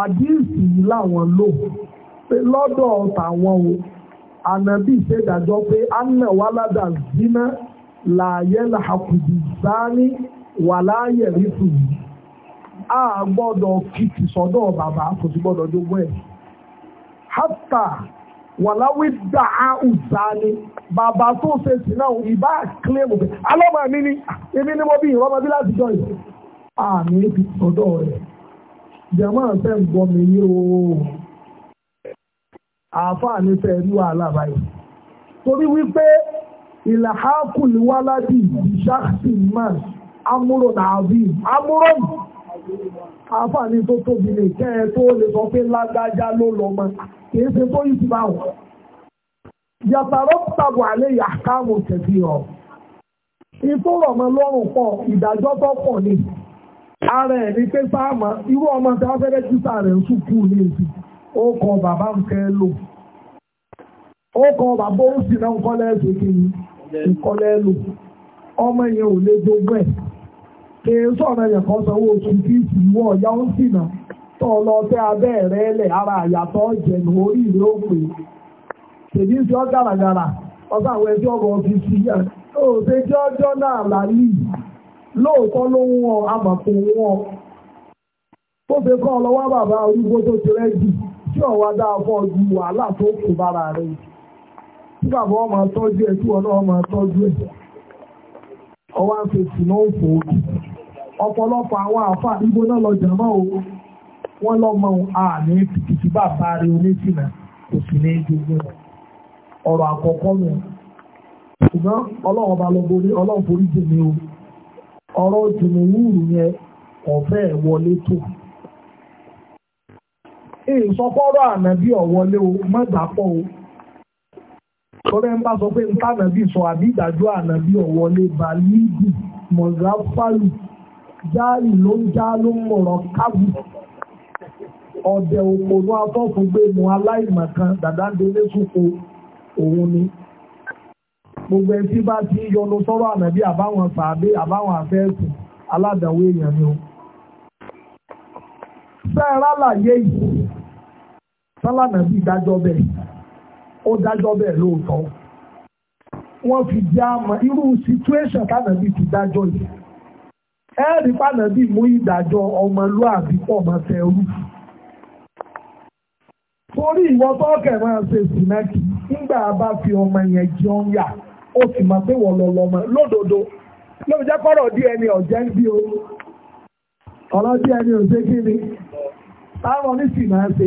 àdíìsì yìí làwọn lò pé lọ́dọ̀ tàwọn o ànàbì ṣèdájọ́ pé anna wàládà zina láàyè làkùdì sáni wàláyè rìfù yìí a gbọ́dọ̀ kìtì sọ́dọ̀ bàbá kò sí gbọ́dọ̀ jogún ẹ̀ hátà wàláwí dàá ùsáni bàbá tó ṣe sí náà ìbá kílẹ̀mù pé alọ́mọ mi ni èmi ni mo bí ìrọ́mọ bí láti jọ yìí àmì ìbí sọ́dọ̀ rẹ̀ jẹ̀mọ́ àfẹ́ ń gbọ́ mi yé o àáfàá ní fẹ́ ní wàhálà báyìí torí wípé ìlàhákùn wáládì ìṣáàtì man amúrò nàbí amúrò àáfàá ní tó tóbi lè kẹ́ ẹ tó lè sọ pé lágbájá ló lọ mọ kìí ṣe tó yìí ti bá wọn. yàtàrọ́ tàbí àlẹ́ yàkáàmù tẹ̀sí ọ̀ ìtòrọ̀mọ́ lọ́rùn pọ̀ ìdájọ́ tó pọ̀ ni. ara ẹ̀ ní pé sáàmà irú ọmọ tí wọ́n fẹ́rẹ́ tí sáà ń sùkú ó kọ bàbá ń fẹ́ lò ó kọ bàbá ó sì náà ń kìíní ń lò ọmọ yẹn ò lè jogún ẹ̀ kì sọ̀rọ̀ yẹn kan sanwó oṣù ìwọ ọ̀yá ó sì náà tó lọ abẹ́ lẹ̀ ara àyàtọ̀ orí ìwé òpè gàràgàrà lóòótọ́ ló ń wọ́n amọ̀fin wọ́n tó fi kọ́ lọ́wọ́ bàbá arúgbó tó ti rẹ́jì tí ọ̀wá dáa fọ́ ju wàhálà tó kù bára rẹ̀ tí bàbá ọmọ tọ́jú ẹ̀ tí wọn náà tọ́jú ẹ̀ ọwọ́ náà fò ọ̀pọ̀lọpọ̀ àwọn igbó náà lọ o wọ́n lọ́mọ àmì bàbá rẹ̀ kò sì ní gbogbo rẹ̀ ọ̀rọ̀ ọ̀rọ̀ jùmọ̀wúrù yẹn ọ̀fẹ́ wọlé tó ìsọfọ́rọ̀ ànàbí ọ̀wọlé o mọ́gbàpọ̀ o torí ń bá sọ pé ń sọ àbí ìdájọ́ ànábì ọ̀wọlé balígù mọ̀gáfàlù jáàlì ló ń já ló ń mọ̀rọ̀ kábù ọ̀dẹ̀ òpònú gbogbo ẹni bá ti ń yọnu sọ́rọ̀ ànàbí àbáwọn sàábé àbáwọn àfẹ́ẹ̀sì aládàwó ni o. sẹ́ẹ̀rá làyé yìí sálànàbí dájọ́ bẹ́ẹ̀ ó dájọ́ bẹ́ẹ̀ lóòótọ́ wọ́n fi jẹ́ àmọ́ irú situation tánàbí ti dájọ́ yìí ẹ̀ẹ́dì pànàbí mú ìdájọ́ ọmọlúàbí pọ̀ mọ́ tẹ́rù torí ṣe sìnákì fi ọmọ yẹn jẹun yà. ó sì máa pé wọ́n lọ́lọ́ mọ́ lódodo lóbi jẹ́ kọ́rọ̀ DNA ọ̀jẹ́ bí o ọ̀rọ̀ DNA ọ̀jẹ́ kí ni táwọn oníṣì máa ṣe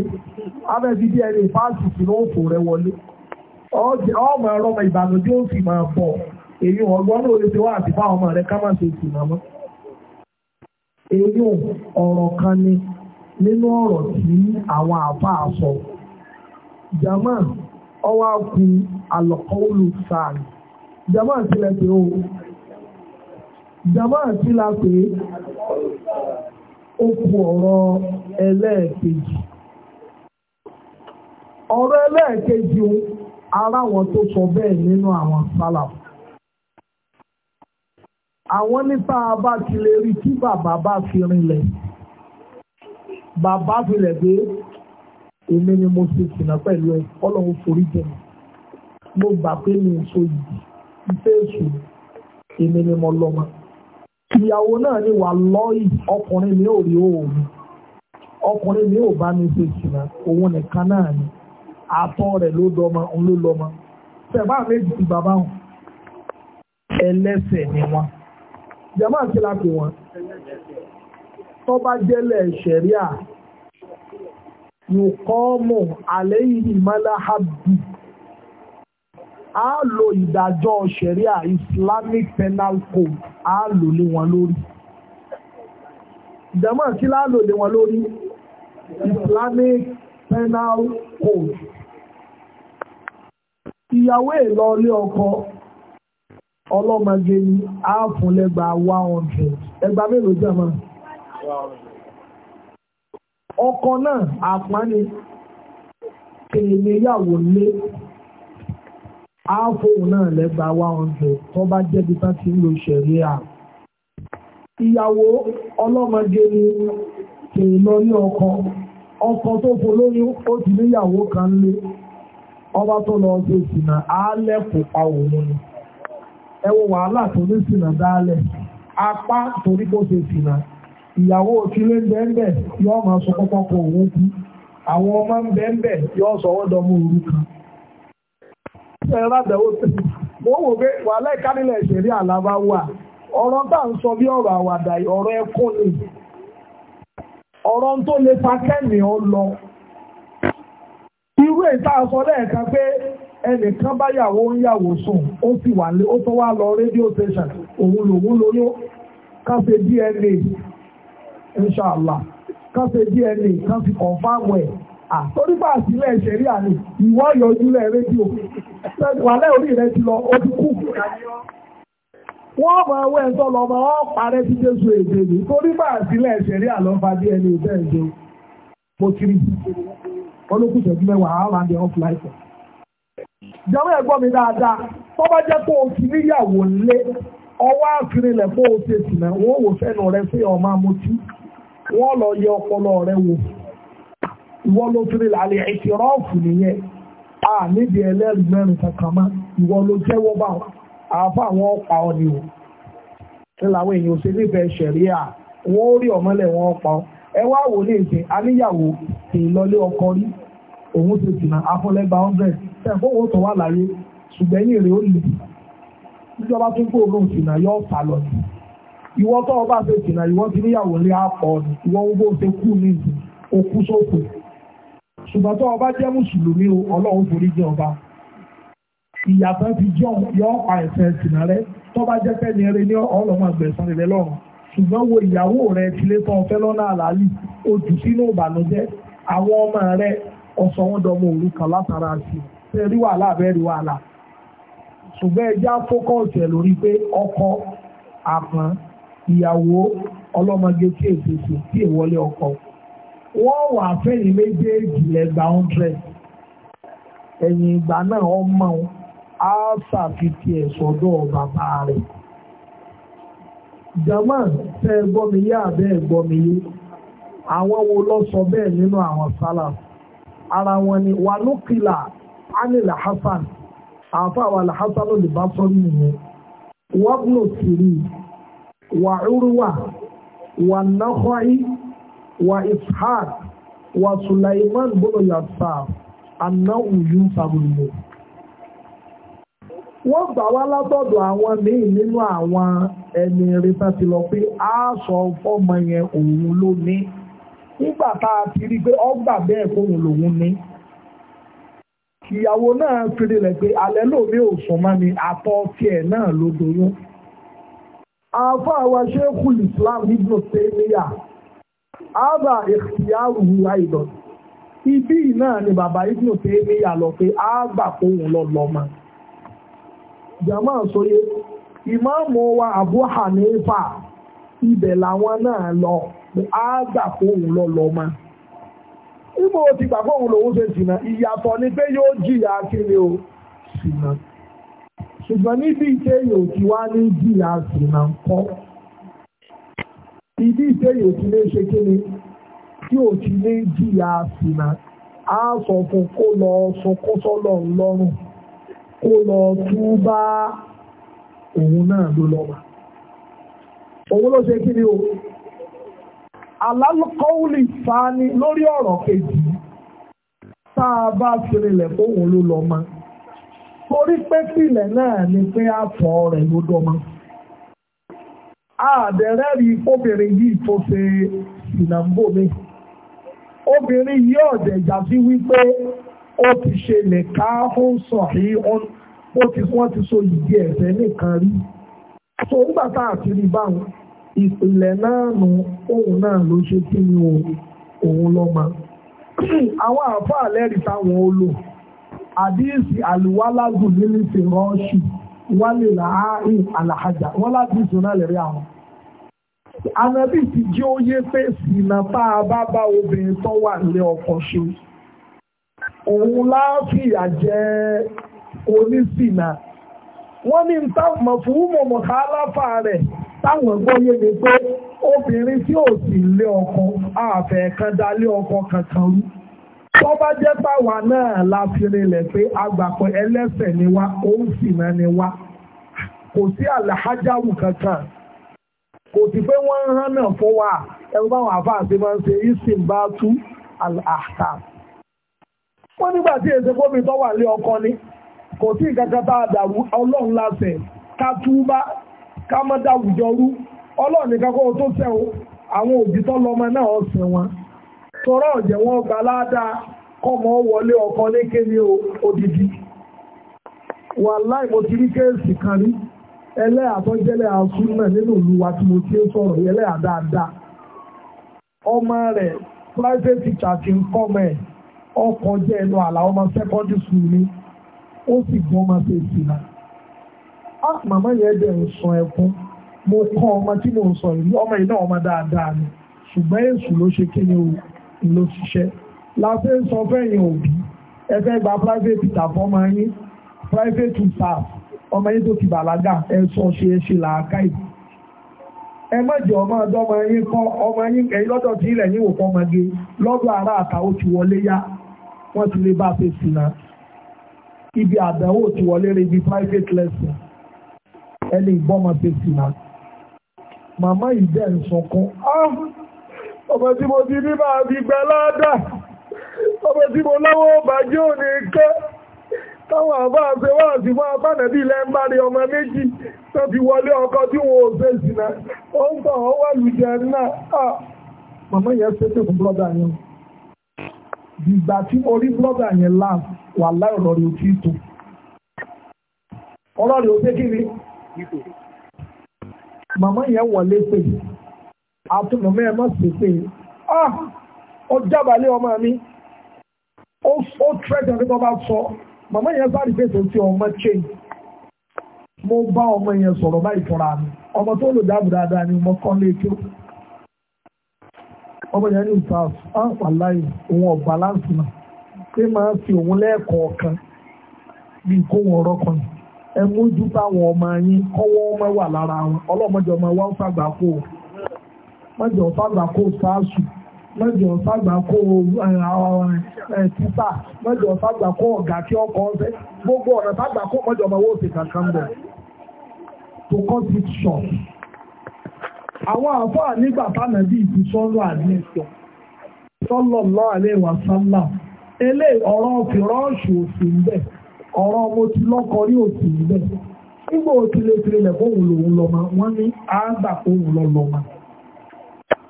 abẹ́bí DNA fáàsì sí ló ń fò rẹ wọlé ọmọ ẹ̀rọ ọmọ ìbànújẹ́ ó sì máa pọ̀ èyí ọgbọ́n náà lè ṣe wá àti fáwọn ọmọ rẹ ká má ṣe sì màmá èyí ọ̀rọ̀ kan ni nínú ọ̀rọ̀ tí àwọn àfáà sọ jama ọwọ́ àkú àlọ́kọ́ olùsáàlì jama àti la pé o jama àti la pé ó kù ọ̀rọ̀ ẹlẹ́ẹ̀kejì ọ̀rọ̀ ẹlẹ́ẹ̀kejì o ara wọn tó sọ bẹ́ẹ̀ nínú àwọn sálàfù àwọn nípa bá ti lè rí tí bàbá bá fi rinlẹ̀ bàbá fi lẹ̀ pé èmi ni mo ṣe sìnà pẹ̀lú ẹ̀ ọlọ́run forí jẹ mo gbà pé mi ò so yìí iṣẹ́ èṣù èmi ni mo lọ́mọ. ìyàwó náà ni wà lọ́ọ̀yì ọkùnrin mi ò rí òun ọkùnrin mi ò bá mi ṣe ìṣìnà òun nìkan náà ni àtọ̀ rẹ̀ ló dọ́mọ òun ló lọ́mọ. sẹ̀bá méjì ti bàbá wọn ẹlẹ́sẹ̀ ni wọn jẹ́mọ́ àti láti wọn tó jẹ́lẹ̀ ṣẹ̀ríà yóò kọ́ mọ̀ àlẹ́ yìí mọ́lá hábì a lo ìdájọ́ ṣẹ̀ríà Islamic Penal Code a lò lé wọn lórí ìdámọ̀ kí láàlò lé wọn lórí Islamic Penal Code ìyàwó èlọ ilé ọkọ ọlọ́mọge ni a fún lẹ́gbàá one hundred ẹgbàá mélòó jẹ́ mọ́ náà àpá ni èèyàn lé afọ náà lẹ́gbàá one 100 tó bá jẹ́ bí tá ti ń lo ṣẹ̀ríà. ìyàwó ọlọ́mọdé ni kì lọ ní ọkọ ọkọ tó polóyún ó ti níyàwó kan lé ọba tó lọ ṣe ìsìnà àálẹ̀ kò pa òun ni ẹ wo wàhálà tó ní ìsìnà dálẹ̀ apá torí ṣe ìsìnà ìyàwó ń bẹ́ẹ̀ yọ ọmọ pọ́pọ́ òun ẹ̀rọ àdẹ̀wò sí wọ́n ọ̀rọ̀ tá à sọ bí ọ̀rọ̀ àwàdà ọ̀rọ̀ tó lè fa ọ lọ irú ètò àsọ pé ẹnìkan báyàwó ń yàwó sùn ó wà lé ó tó wá lọ rédíò station òun lòun DNA DNA ẹ̀ wàlẹ́ orí rẹ̀ ti lọ ó kú wọ́n mọ̀ ẹwọ́ ẹ̀sọ́ lọ mọ̀ ọ́ parẹ́ sí Jésù èdè mi torí bá àsílẹ̀ ẹ̀ṣẹ̀ rí àlọ́fà bí ẹni ìfẹ́ ẹ̀jọ́ mo kiri olókùn ìṣẹ́jú mẹ́wàá àwọn àmì láìpẹ́. ìjọba ẹ̀gbọ́n mi dáadáa tó bá jẹ́ o ti níyàwó lé ọwọ́ o ṣe a níbi ẹlẹ́rìí mẹ́rin kankan mọ́ ìwọ ló jẹ́wọ́ bá wọn àáfà wọn pa ọ ni o ṣé làwọn èèyàn ṣe nífẹ̀ẹ́ ṣẹ̀ríà wọn ó rí ọmọlẹ̀ wọn pa ọ ẹ wá wò ní ìsìn aníyàwó kì í lọlé ọkọ sìnà afọlẹ́gba òun tó wà láyé ó lè ìjọba tún sìnà ṣùgbọ́n tó ọba jẹ́ mùsùlùmí o ọlọ́run forí jẹ́ ọba ìyàtọ̀ fi jọ yọ ọ̀pá ẹ̀fẹ́ sìnà rẹ tó bá jẹ́ fẹ́ ní eré ní ọlọ́mọ ẹgbẹ̀sán rẹ lọ́rùn ṣùgbọ́n wo ìyàwó rẹ tilé tán fẹ́ lọ́nà àlàálì o jù sínú ìbànújẹ́ àwọn ọmọ rẹ ọ̀sọ̀ wọn dọmọ òru kan látara sí ṣe rí wàhálà bẹ́ẹ̀ rí wàhálà ṣùgbọ́n ẹja fókọ̀ọ̀sì ẹ̀ lórí pé ọkọ àpọ̀n ìyàwó ọlọ́mọge tí èsèsè tí èwọlé ọkọ wọ́n wà fẹ́yìn méjèèjì lẹ́gbà hundred ẹ̀yìn ìgbà náà ọmọ á ṣàfitì ẹ̀ sọ́dọ̀ bàbá rẹ̀ jama tẹ́ gbọ́ mi yé àbẹ́ gbọ́ mi yé àwọn wo lọ sọ bẹ́ẹ̀ nínú àwọn sálà ara wọn ni wàlúkìlà anila hasan àfa àwọn bá olùbásọ́rí nìyẹn wàbùnú sírì wàhúrúwà wà náhọ́í. wa ishaq wa sulaiman bọ́lọ̀ yàtà àná òyìn sàbùnmù. wọ́n gbà wá látọ̀dọ̀ àwọn míì nínú àwọn ẹni retá ti lọ pé a sọ fọ́mọ yẹn òun ló ní nígbà tá a ti rí i pé ọgbà bẹ́ẹ̀ kóhun lòun ní ìyàwó náà fìdí rẹ̀ pé alẹ́ lómi ò sùn mọ́ ni àtọ̀ tiẹ̀ náà ló doyún. àfọ àwa ṣéèkù Islam Ibn Taymiyyah Aba ìyáwùú àìdọ̀ ibi náà ni bàbá ibùdó pé ní àlọ́ pé ágbà fóun lọ lọ́mọ jama sọye ìmáàmù wa Abu Hanifa ibẹ̀ làwọn náà lọ pé lọ lọ́mọ ibo ti gbà fóun lòun ṣe sìnà ìyàtọ̀ ni pé yóò jìyà kiri o sìnà ṣùgbọ́n níbi ìkéyìí ò wá ní jìyà sìnà kọ́. ibi ìtẹ́yìn òtún lè ṣe kí ni tí ò ti lè jìyà sínà á sọ fún kó lọ sunkún sọ́lọ̀ ńlọ́rùn kó lọ túbá òun náà ló lọ òun ló ṣe kí ni o alálùkọ́wùlì fani lórí ọ̀rọ̀ kejì tá a bá tirinlẹ̀ fóun ló lọ mọ́ torí pé pìlẹ̀ náà ni pé àtọ̀ rẹ̀ ló dọ́ àbẹ̀rẹ̀ rí obìnrin yìí tó ṣe ìnàmbò mi obìnrin yìí ọ̀dẹ̀ jàbí wípé ó ti ṣe lẹ̀ka ó ń sọ yìí wọ́n ti so ìdí ẹ̀fẹ́ nìkan rí so nígbà tá a ti rí báwọn ìpìlẹ̀ náà nu òun náà ló ṣe kí ni òun lọ́ máa àwọn àáfàá lẹ́rìí táwọn ó àdíìsì àlùwálázù nílùú ti rọ́ọ̀ṣì wálé làárín àlàájà wọ́n láti ìṣúná lẹ̀rí àwọn. Ànábì ti jẹ́ óyé fèsì náà tá a bá bá obìnrin tó wà nílé ọkọ ṣe. Òun láàfìyà jẹ́ onísìnà. Wọ́n ní táwọn fúnmọ̀ mọ̀ká aláfà rẹ̀ táwọn gbọ́yé ni pé obìnrin tí ò sí lé ọkọ àfẹ́ kan dá kankan rú. tó bá jẹ́ pàwà náà la fi rinlẹ̀ pé agbàpọ̀ ẹlẹ́sẹ̀ ni wá òun ń sìnà ni wá kò sí àlàájáwù kankan kò sí pé wọ́n ń hán náà fún wa ẹ̀rù báwọn àfáàsì máa ń ṣe ìsìn bá tú àlàáta. wọ́n nígbà tí èsè gómìn tó wà lé ọkọ ni kò sí ìkankan tá a dàrú ọlọ́run láṣẹ ká túbá ká má dàwùjọ rú ọlọ́run nìkan kó o tó sẹ́wọ́ àwọn òbí tó lọ́mọ náà ọ̀sẹ̀ wọn. sọrọ ọ̀jẹ̀ wọn gbà kọmọ wọlé ọkọ lékè ní odidi wà láì mo ti rí kéèsì kan rí ẹlẹ́yà tó jẹ́lẹ̀ nínú ìlú tí mo ti ń sọ̀rọ̀ ẹlẹ́yà àdáadáa ọmọ rẹ̀ private teacher ti ń kọ́mọ ẹ̀ ọkọ̀ jẹ́ ẹnu àlà ọmọ o ló ṣiṣẹ́ láti sọ fẹ́yìn òbí ẹgbẹ́ gba private tutor fọ́mọ yín private tutor ọmọ yín tó ti bàlágà ẹ sọ ṣe é ṣe làákà yìí ẹ mọ̀jì ọmọ ọdọ́ ọmọ yín kọ́ ọmọ yín ẹ̀yìn lọ́dọ̀ tí ilẹ̀ yín wò kọ́ ọmọge lọ́dọ̀ ará àtà ó ti wọlé yá wọ́n ti lè bá a fèsì náà ibi àdánwò ti wọlé rẹ ibi private lesson ẹni ìbọn ọmọ fèsì náà màmá yìí bẹ́ẹ̀ ń sọkún ah! ọmọ tí mo ti rí máa fi gbẹ ládà ọmọ tí mo lọ́wọ́ bàjẹ́ òní kẹ́ táwọn àbá àṣẹ wà sí fún abánẹ̀bí ilẹ̀ ń bá rí ọmọ méjì tó ti wọlé ọkọ tí wọn ò ṣe ìsìnà ó ń tọ̀ ọ́ wà lùjẹ náà màmá yẹn ṣe pé fún brọ́dà yẹn ìgbà tí mo rí brọ́dà yẹn láàm wà láì ọ̀rọ̀ rẹ̀ ò tí tó ọ̀rọ̀ ò pé kí ni màmá yẹn wọlé pè àtúmọ̀ mẹ́rin má sì ah ó jábàlé ọmọ mi ó tẹ́tẹ̀ pé tó bá sọ màmá yẹn sáré pé tó ọmọ chain mo bá ọmọ yẹn sọ̀rọ̀ báyìí mi ọmọ tó lò dáàbò dáadáa ni mo kọ́ létí ọmọ yẹn ní ìtàs ah, àǹfààní òun náà pé máa fi òun ẹ mójú ọmọ yín kọ́wọ́ mọ́jọ fàgbà kó sáàsù mọ́jọ fàgbà kó títà mọ́jọ fàgbà kó ọ̀gá tí ọkọ̀ ọ̀fẹ́ gbogbo ọ̀nà fàgbà kó mọ́jọ ọmọ owó òsè kankan bọ̀ to cut it short. àwọn àfáà nígbà tánàbí ìfi sọ́lọ́ sọ́lọ́ lọ́ àlẹ́ sálà ọ̀rọ̀ òsì ń bẹ̀ ọ̀rọ̀ ti lọ́kọ òsì ń bẹ̀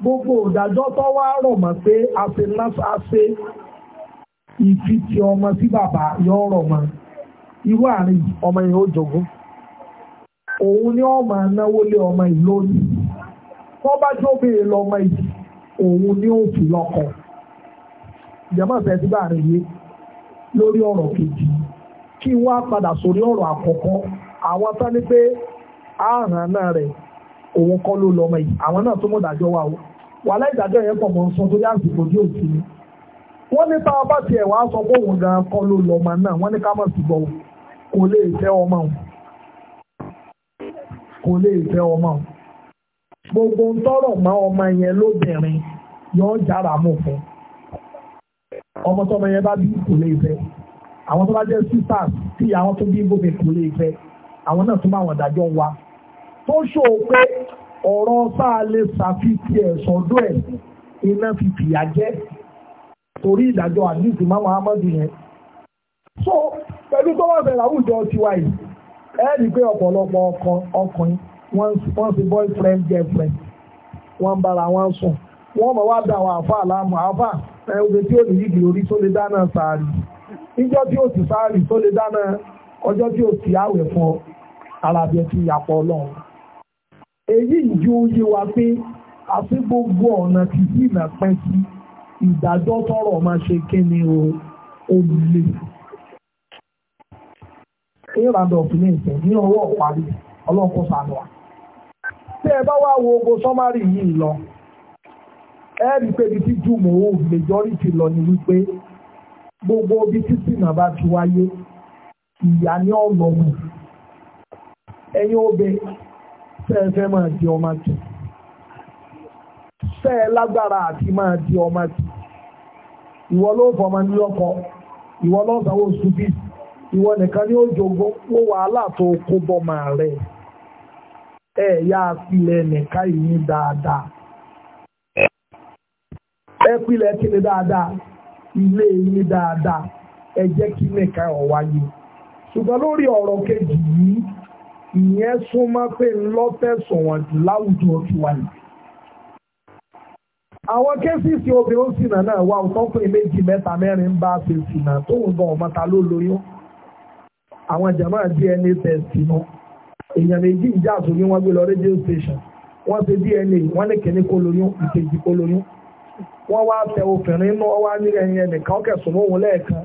gbogbo ìdájọ́ tó wá rọ̀ mọ́ pé a ṣe lásà ṣe ìfitì ọmọ sí bàbá yọ rọ̀ mọ́ irú àárín ọmọ yẹn ó jogún òun ni ó máa náwó lé ọmọ yìí lónìí wọ́n bá lọ́mọ yìí òun ni ó fi bá lórí ọ̀rọ̀ kejì kí wọ́n á padà sórí ọ̀rọ̀ àkọ́kọ́ àwọn tán ní pé rẹ̀ òun kọ́ ló lọ́mọ yìí àwọn náà tó mọ̀ dájọ́ wà láìdájọ́ yẹn pọ̀ mọ́ sọ tó yá àsìkò tí ò sí. wọ́n ní tá a bá tiẹ̀ wá sọ pé òun gan kọ́ ló lọ́mọ náà wọ́n ní ká mọ̀ sí bọ̀ kò lè fẹ́ ọmọ òun kò lè fẹ́ ọmọ òun gbogbo ń tọrọ mọ́ ọmọ yẹn lóbìnrin yọ jára mú fún ọmọ tọmọ yẹn bá bí kò lè fẹ́ àwọn tó bá jẹ́ sisters tí àwọn tó bí bóbi kò lè fẹ́ àwọn náà tún bá àwọn ìdájọ́ wa tó ṣòó pé ọ̀rọ̀ sáà lè ṣàfihì ẹ̀ sọ́dọ̀ ẹ̀ iná fi fìyà jẹ́ torí ìdájọ́ àdìsí máa muhammadu yẹn. so pẹ̀lú tó wọ́n fẹ́ láwùjọ tiwa yìí ẹ rí i pé ọ̀pọ̀lọpọ̀ ọkùnrin wọ́n ṣe boyfriend girlfriend wọ́n bára wọn sùn wọ́n mọ̀ wá dá àwọn àfa àlámù àfa ẹ̀ oge tí ó lè yí ìlórí tó lè dáná sàárì ìjọ tí ó sì sàárì tó lè dáná ọjọ́ tí ó sì àwẹ̀ fún ọ èyí ìjọ oyé wa pé àfi gbogbo ọ̀nà tí ìlà pẹ́ sí ìdájọ́ tọrọ máa ṣe kíni o olè ìrànlọ́ ìfẹ́ ní ọwọ́ ìparí ọlọ́kọ̀ sànùwà tí ẹ bá wá wo ogo sọ́márì yìí lọ ẹ rí pé ibi tí ó mẹjọ́rìtì lọ ni wípé gbogbo ibi bá ti wáyé ìyá ní fẹ́ẹ̀fẹ́ máa di ọmọ kì fẹ́ẹ̀ lágbára àti máa di ọmọ kì ìwọ ló fọmọ ní ọkọ ìwọ ṣubí ìwọ nìkan ni ó jogún wàhálà tó kó bọ́mọ rẹ̀ ẹ̀ yá pilẹ̀ nìkan ìyín dáadáa ẹ pilẹ̀ kíni dáadáa ilé yín dáadáa ẹ jẹ́ kí nìkan ọ̀wáyé lórí ọrọ kejì yìí. ìyẹn súnmọ́ pé ńlọ́fẹ̀sùn wọn jù láwùjọ ti wà yìí. àwọn kéésìsì obìnrin ṣìnà náà wà ọ̀tọ́kùnrin méjì mẹ́ta mẹ́rin bá a ṣe ṣìnà tó ń gan ọ̀mọ́ta ló lóyún. àwọn jàmá DNA test nù èèyàn méjì ìjà àtúnyí wọn gbé lọ rédíò station wọ́n ṣe DNA wọ́n ní kíní kó lóyún ìkejì kó lóyún. wọ́n wá tẹ obìnrin náà wá nílẹ̀ ẹ̀yìn ẹnìkan kẹsùn mọ́ lẹ́ẹ̀kan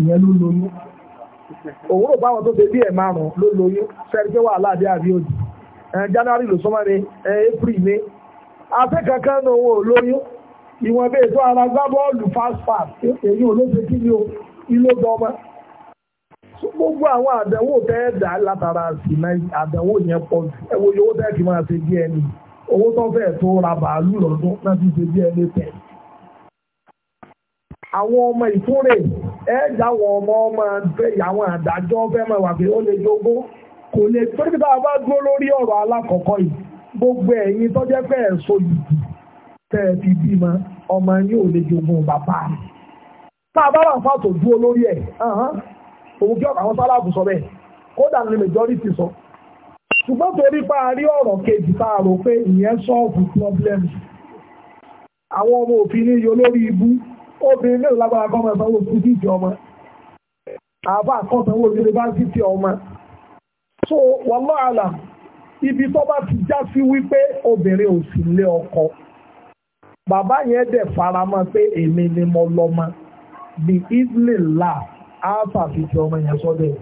ìyẹn ló lóyún òwúrò báwọn tó ṣe bí ẹ̀ márùn ló lóyún fẹ́ẹ́ pé wàhálà dé àbí òdì january ló sọmọ ni april ni afẹ́kàn kan náà wọn ò lóyún ìwọ̀n bẹ́ẹ̀ tó ara gbá bọ́ọ̀lù fast fast èyí ò ló ṣe kí ni o ilé dọ́mọ́ gbogbo àwọn àdánwò tẹ́ dà látara sí àdánwò yẹn pọ̀ ẹ̀wọ̀ yòówó tẹ́ fi máa ṣe díẹ̀ ni owó tó fẹ́ tó ra bàálù lọ́dún náà ti ṣe díẹ̀ ní tẹ̀. àwọn ọmọ ìfúnrẹ̀ ẹ jáwọ ọmọ ọmọ fẹ́ àwọn àdájọ́ fẹ́ máa wà pé ó lè jogó kò lè torí pé bá dúró lórí ọ̀rọ̀ alákọ̀ọ́kọ́ yìí gbogbo ẹ̀yin tó jẹ́ fẹ́ ẹ̀sọ́ yìí tẹ́ ẹ fi bímọ ọmọ yín ò lè jogún bàbá rẹ̀ tá a bá wà fún àtò dúró lórí ẹ̀ òun kí ọ̀rọ̀ àwọn sálàbù sọ bẹ́ẹ̀ kódà ní majority sọ ṣùgbọ́n torí pa àrí ọ̀rọ̀ kejì tá a rò pé ìyẹn solve problems àwọn ọmọ òfin ní yọ lórí ibú obìnrin mélòó lágbára kọ́ ọmọ ìsanwó fúdíìtì ọmọ àbá àkọ́sanwó yunifásitì ọmọ so wàlọ́ àlà ibi tó bá ti já sí wípé obìnrin ò sì ọkọ bàbá yẹn dẹ̀ fara mọ́ pé èmi ni mo lọ́mọ bí ìdílé là áfà ọmọ yẹn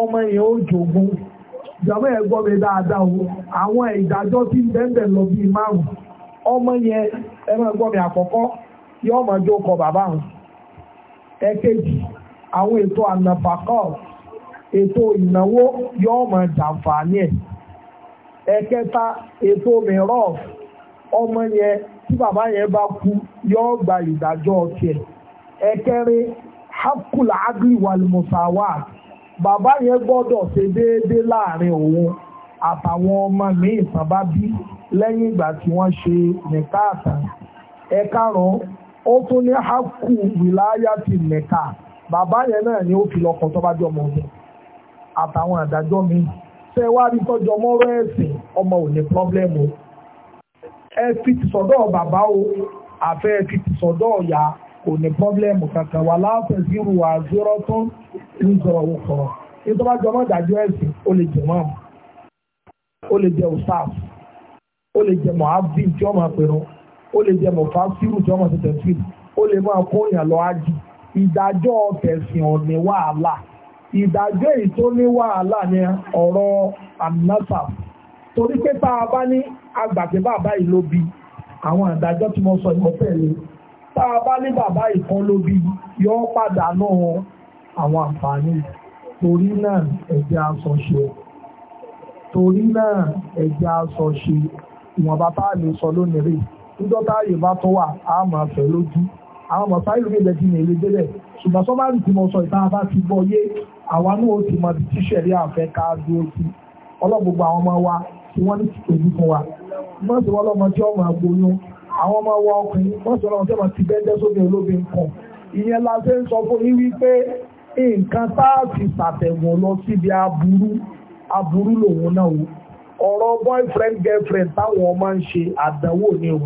ọmọ yẹn ó jogún ìjọba gbọ́ mi dáadáa o àwọn ìdájọ́ ń bẹ́ẹ̀ ọmọ yẹn ẹ máa yóò máa jó kọ bàbá àwọn ẹ̀kejì àwọn ètò ànàfàkọ́ ètò ìnáwó yóò máa jàǹfààní ẹ̀ ẹ̀kẹta ètò mìíràn ọmọ yẹn tí bàbá yẹn bá kú yóò gba ìdájọ́ tiẹ̀ ẹ̀kẹrin hakul agri walmusawa bàbá yẹn gbọ́dọ̀ ṣe déédéé láàrin òun àtàwọn ọmọ míì tán bá bí lẹ́yìn ìgbà tí wọ́n ṣe nìkáàtà ẹ̀karùn-ún ó tún ní hákù wìláyà ti mẹ̀ka bàbá yẹn náà ni ó fi lọ́kọ̀ tó bá jọ ọmọ ọdún àtàwọn àdájọ́ mi ṣe wá rí tọ́jú ọmọ ọ̀rọ̀ ẹ̀sìn ọmọ ò ní pọ́blẹ́mù ẹ fi ti sọ́dọ̀ bàbá o àfẹ́ ẹ fi ti sọ́dọ̀ ọ̀yà kò ní pọ́blẹ́mù kankan wà láàfin zero wà zero tún ní zọrọ òkọ̀ nítorí wájú ọmọ ìdájọ́ ẹ̀sìn ó lè jẹ mọ́ọ̀mù ó lè jẹ òsáàf ó lè jẹ mọ́àbí tí ọmọ àpẹrún ó lè jẹ́ mọ̀fá sírù tí wọ́n mọ̀ sí tẹ̀síìrì ó lè máa kó yàn lọ ájì ìdájọ́ tẹ̀sìn ọ̀nì wàhálà ìdájọ́ èyí tó ní wàhálà ni ọ̀rọ̀ àmúnáṣà torí pé tá a bá ní agbàgbé bàbá yìí ló bí àwọn ìdájọ́ tí mo sọ ìmọ̀tẹ́lẹ̀ tá a bá ní bàbá ìkan ló bí yọ pàdánù àwọn àǹfààní torí náà ẹ̀jẹ̀ aṣọ torí náà ẹ̀jẹ̀ aṣọ ṣe ìwọ̀nba tá sọ lónìí rèé níjọ́ táàyè bá tún wà á máa fẹ́ lójú àwọn mọ̀sá ìlú mi lẹ́jìn ní èlé délẹ̀ ṣùgbọ́n sọ́mà ní tí mo sọ ìta bá ti gbọ́ yé àwa náà ó ti mọ ibi tí ṣẹ̀rí àfẹ́ ká dúró sí ọlọ́gbogbo àwọn ọmọ wa tí wọ́n ní tòjú fún wa wọ́n sì wọ́n lọ́mọ tí ọmọ agboyún àwọn ọmọ wa ọkùnrin wọ́n sì lọ́mọ tí wọ́n ti bẹ́ẹ̀ sóbi olóbìn kan ìyẹn la ṣe ń sọ fún yín wípé nǹkan tá a fi ṣàtẹ̀wọ̀n lọ síbi aburú aburú lòun náà o ọ̀rọ̀ boyfriend girlfriend táwọn ọmọ ń ṣe àdánwò ni o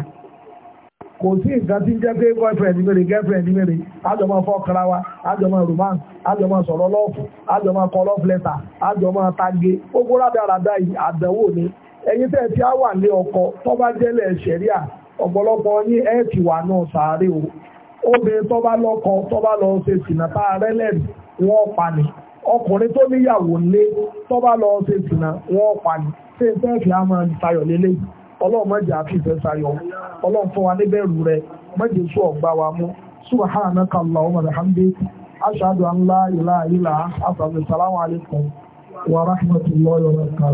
kò sí nǹkan tí ń jẹ́ pé boyfriend mèrè girlfriend mèrè máa fọ́kara wa àjọmọ́ romance àjọmọ́ sọ̀rọ̀ lọ́ọ̀fù àjọmọ́ kọ love letter gbogbo yìí àdánwò ni tẹ́ ti á wà ní ọkọ tó bá jẹ́lẹ̀ ṣẹ̀ríà ọ̀pọ̀lọpọ̀ ní ti wà náà sàárè o obìnrin tó bá lọ́kọ tó bá lọ ṣe sìnà tá a rẹ́lẹ̀rì wọ́n pa ni ọkùnrin tó ọlọ́run mọ̀jẹ̀ àfihàn sayọ ọlọ́run fún wa níbẹ̀rù rẹ mọ̀jẹ̀ sọ ọ̀gbà wa mú ha allahumma wa bihamdika ashhadu an la ilaha illa anta astaghfiruka wa atubu ilayk wa rahmatullahi wa barakatuh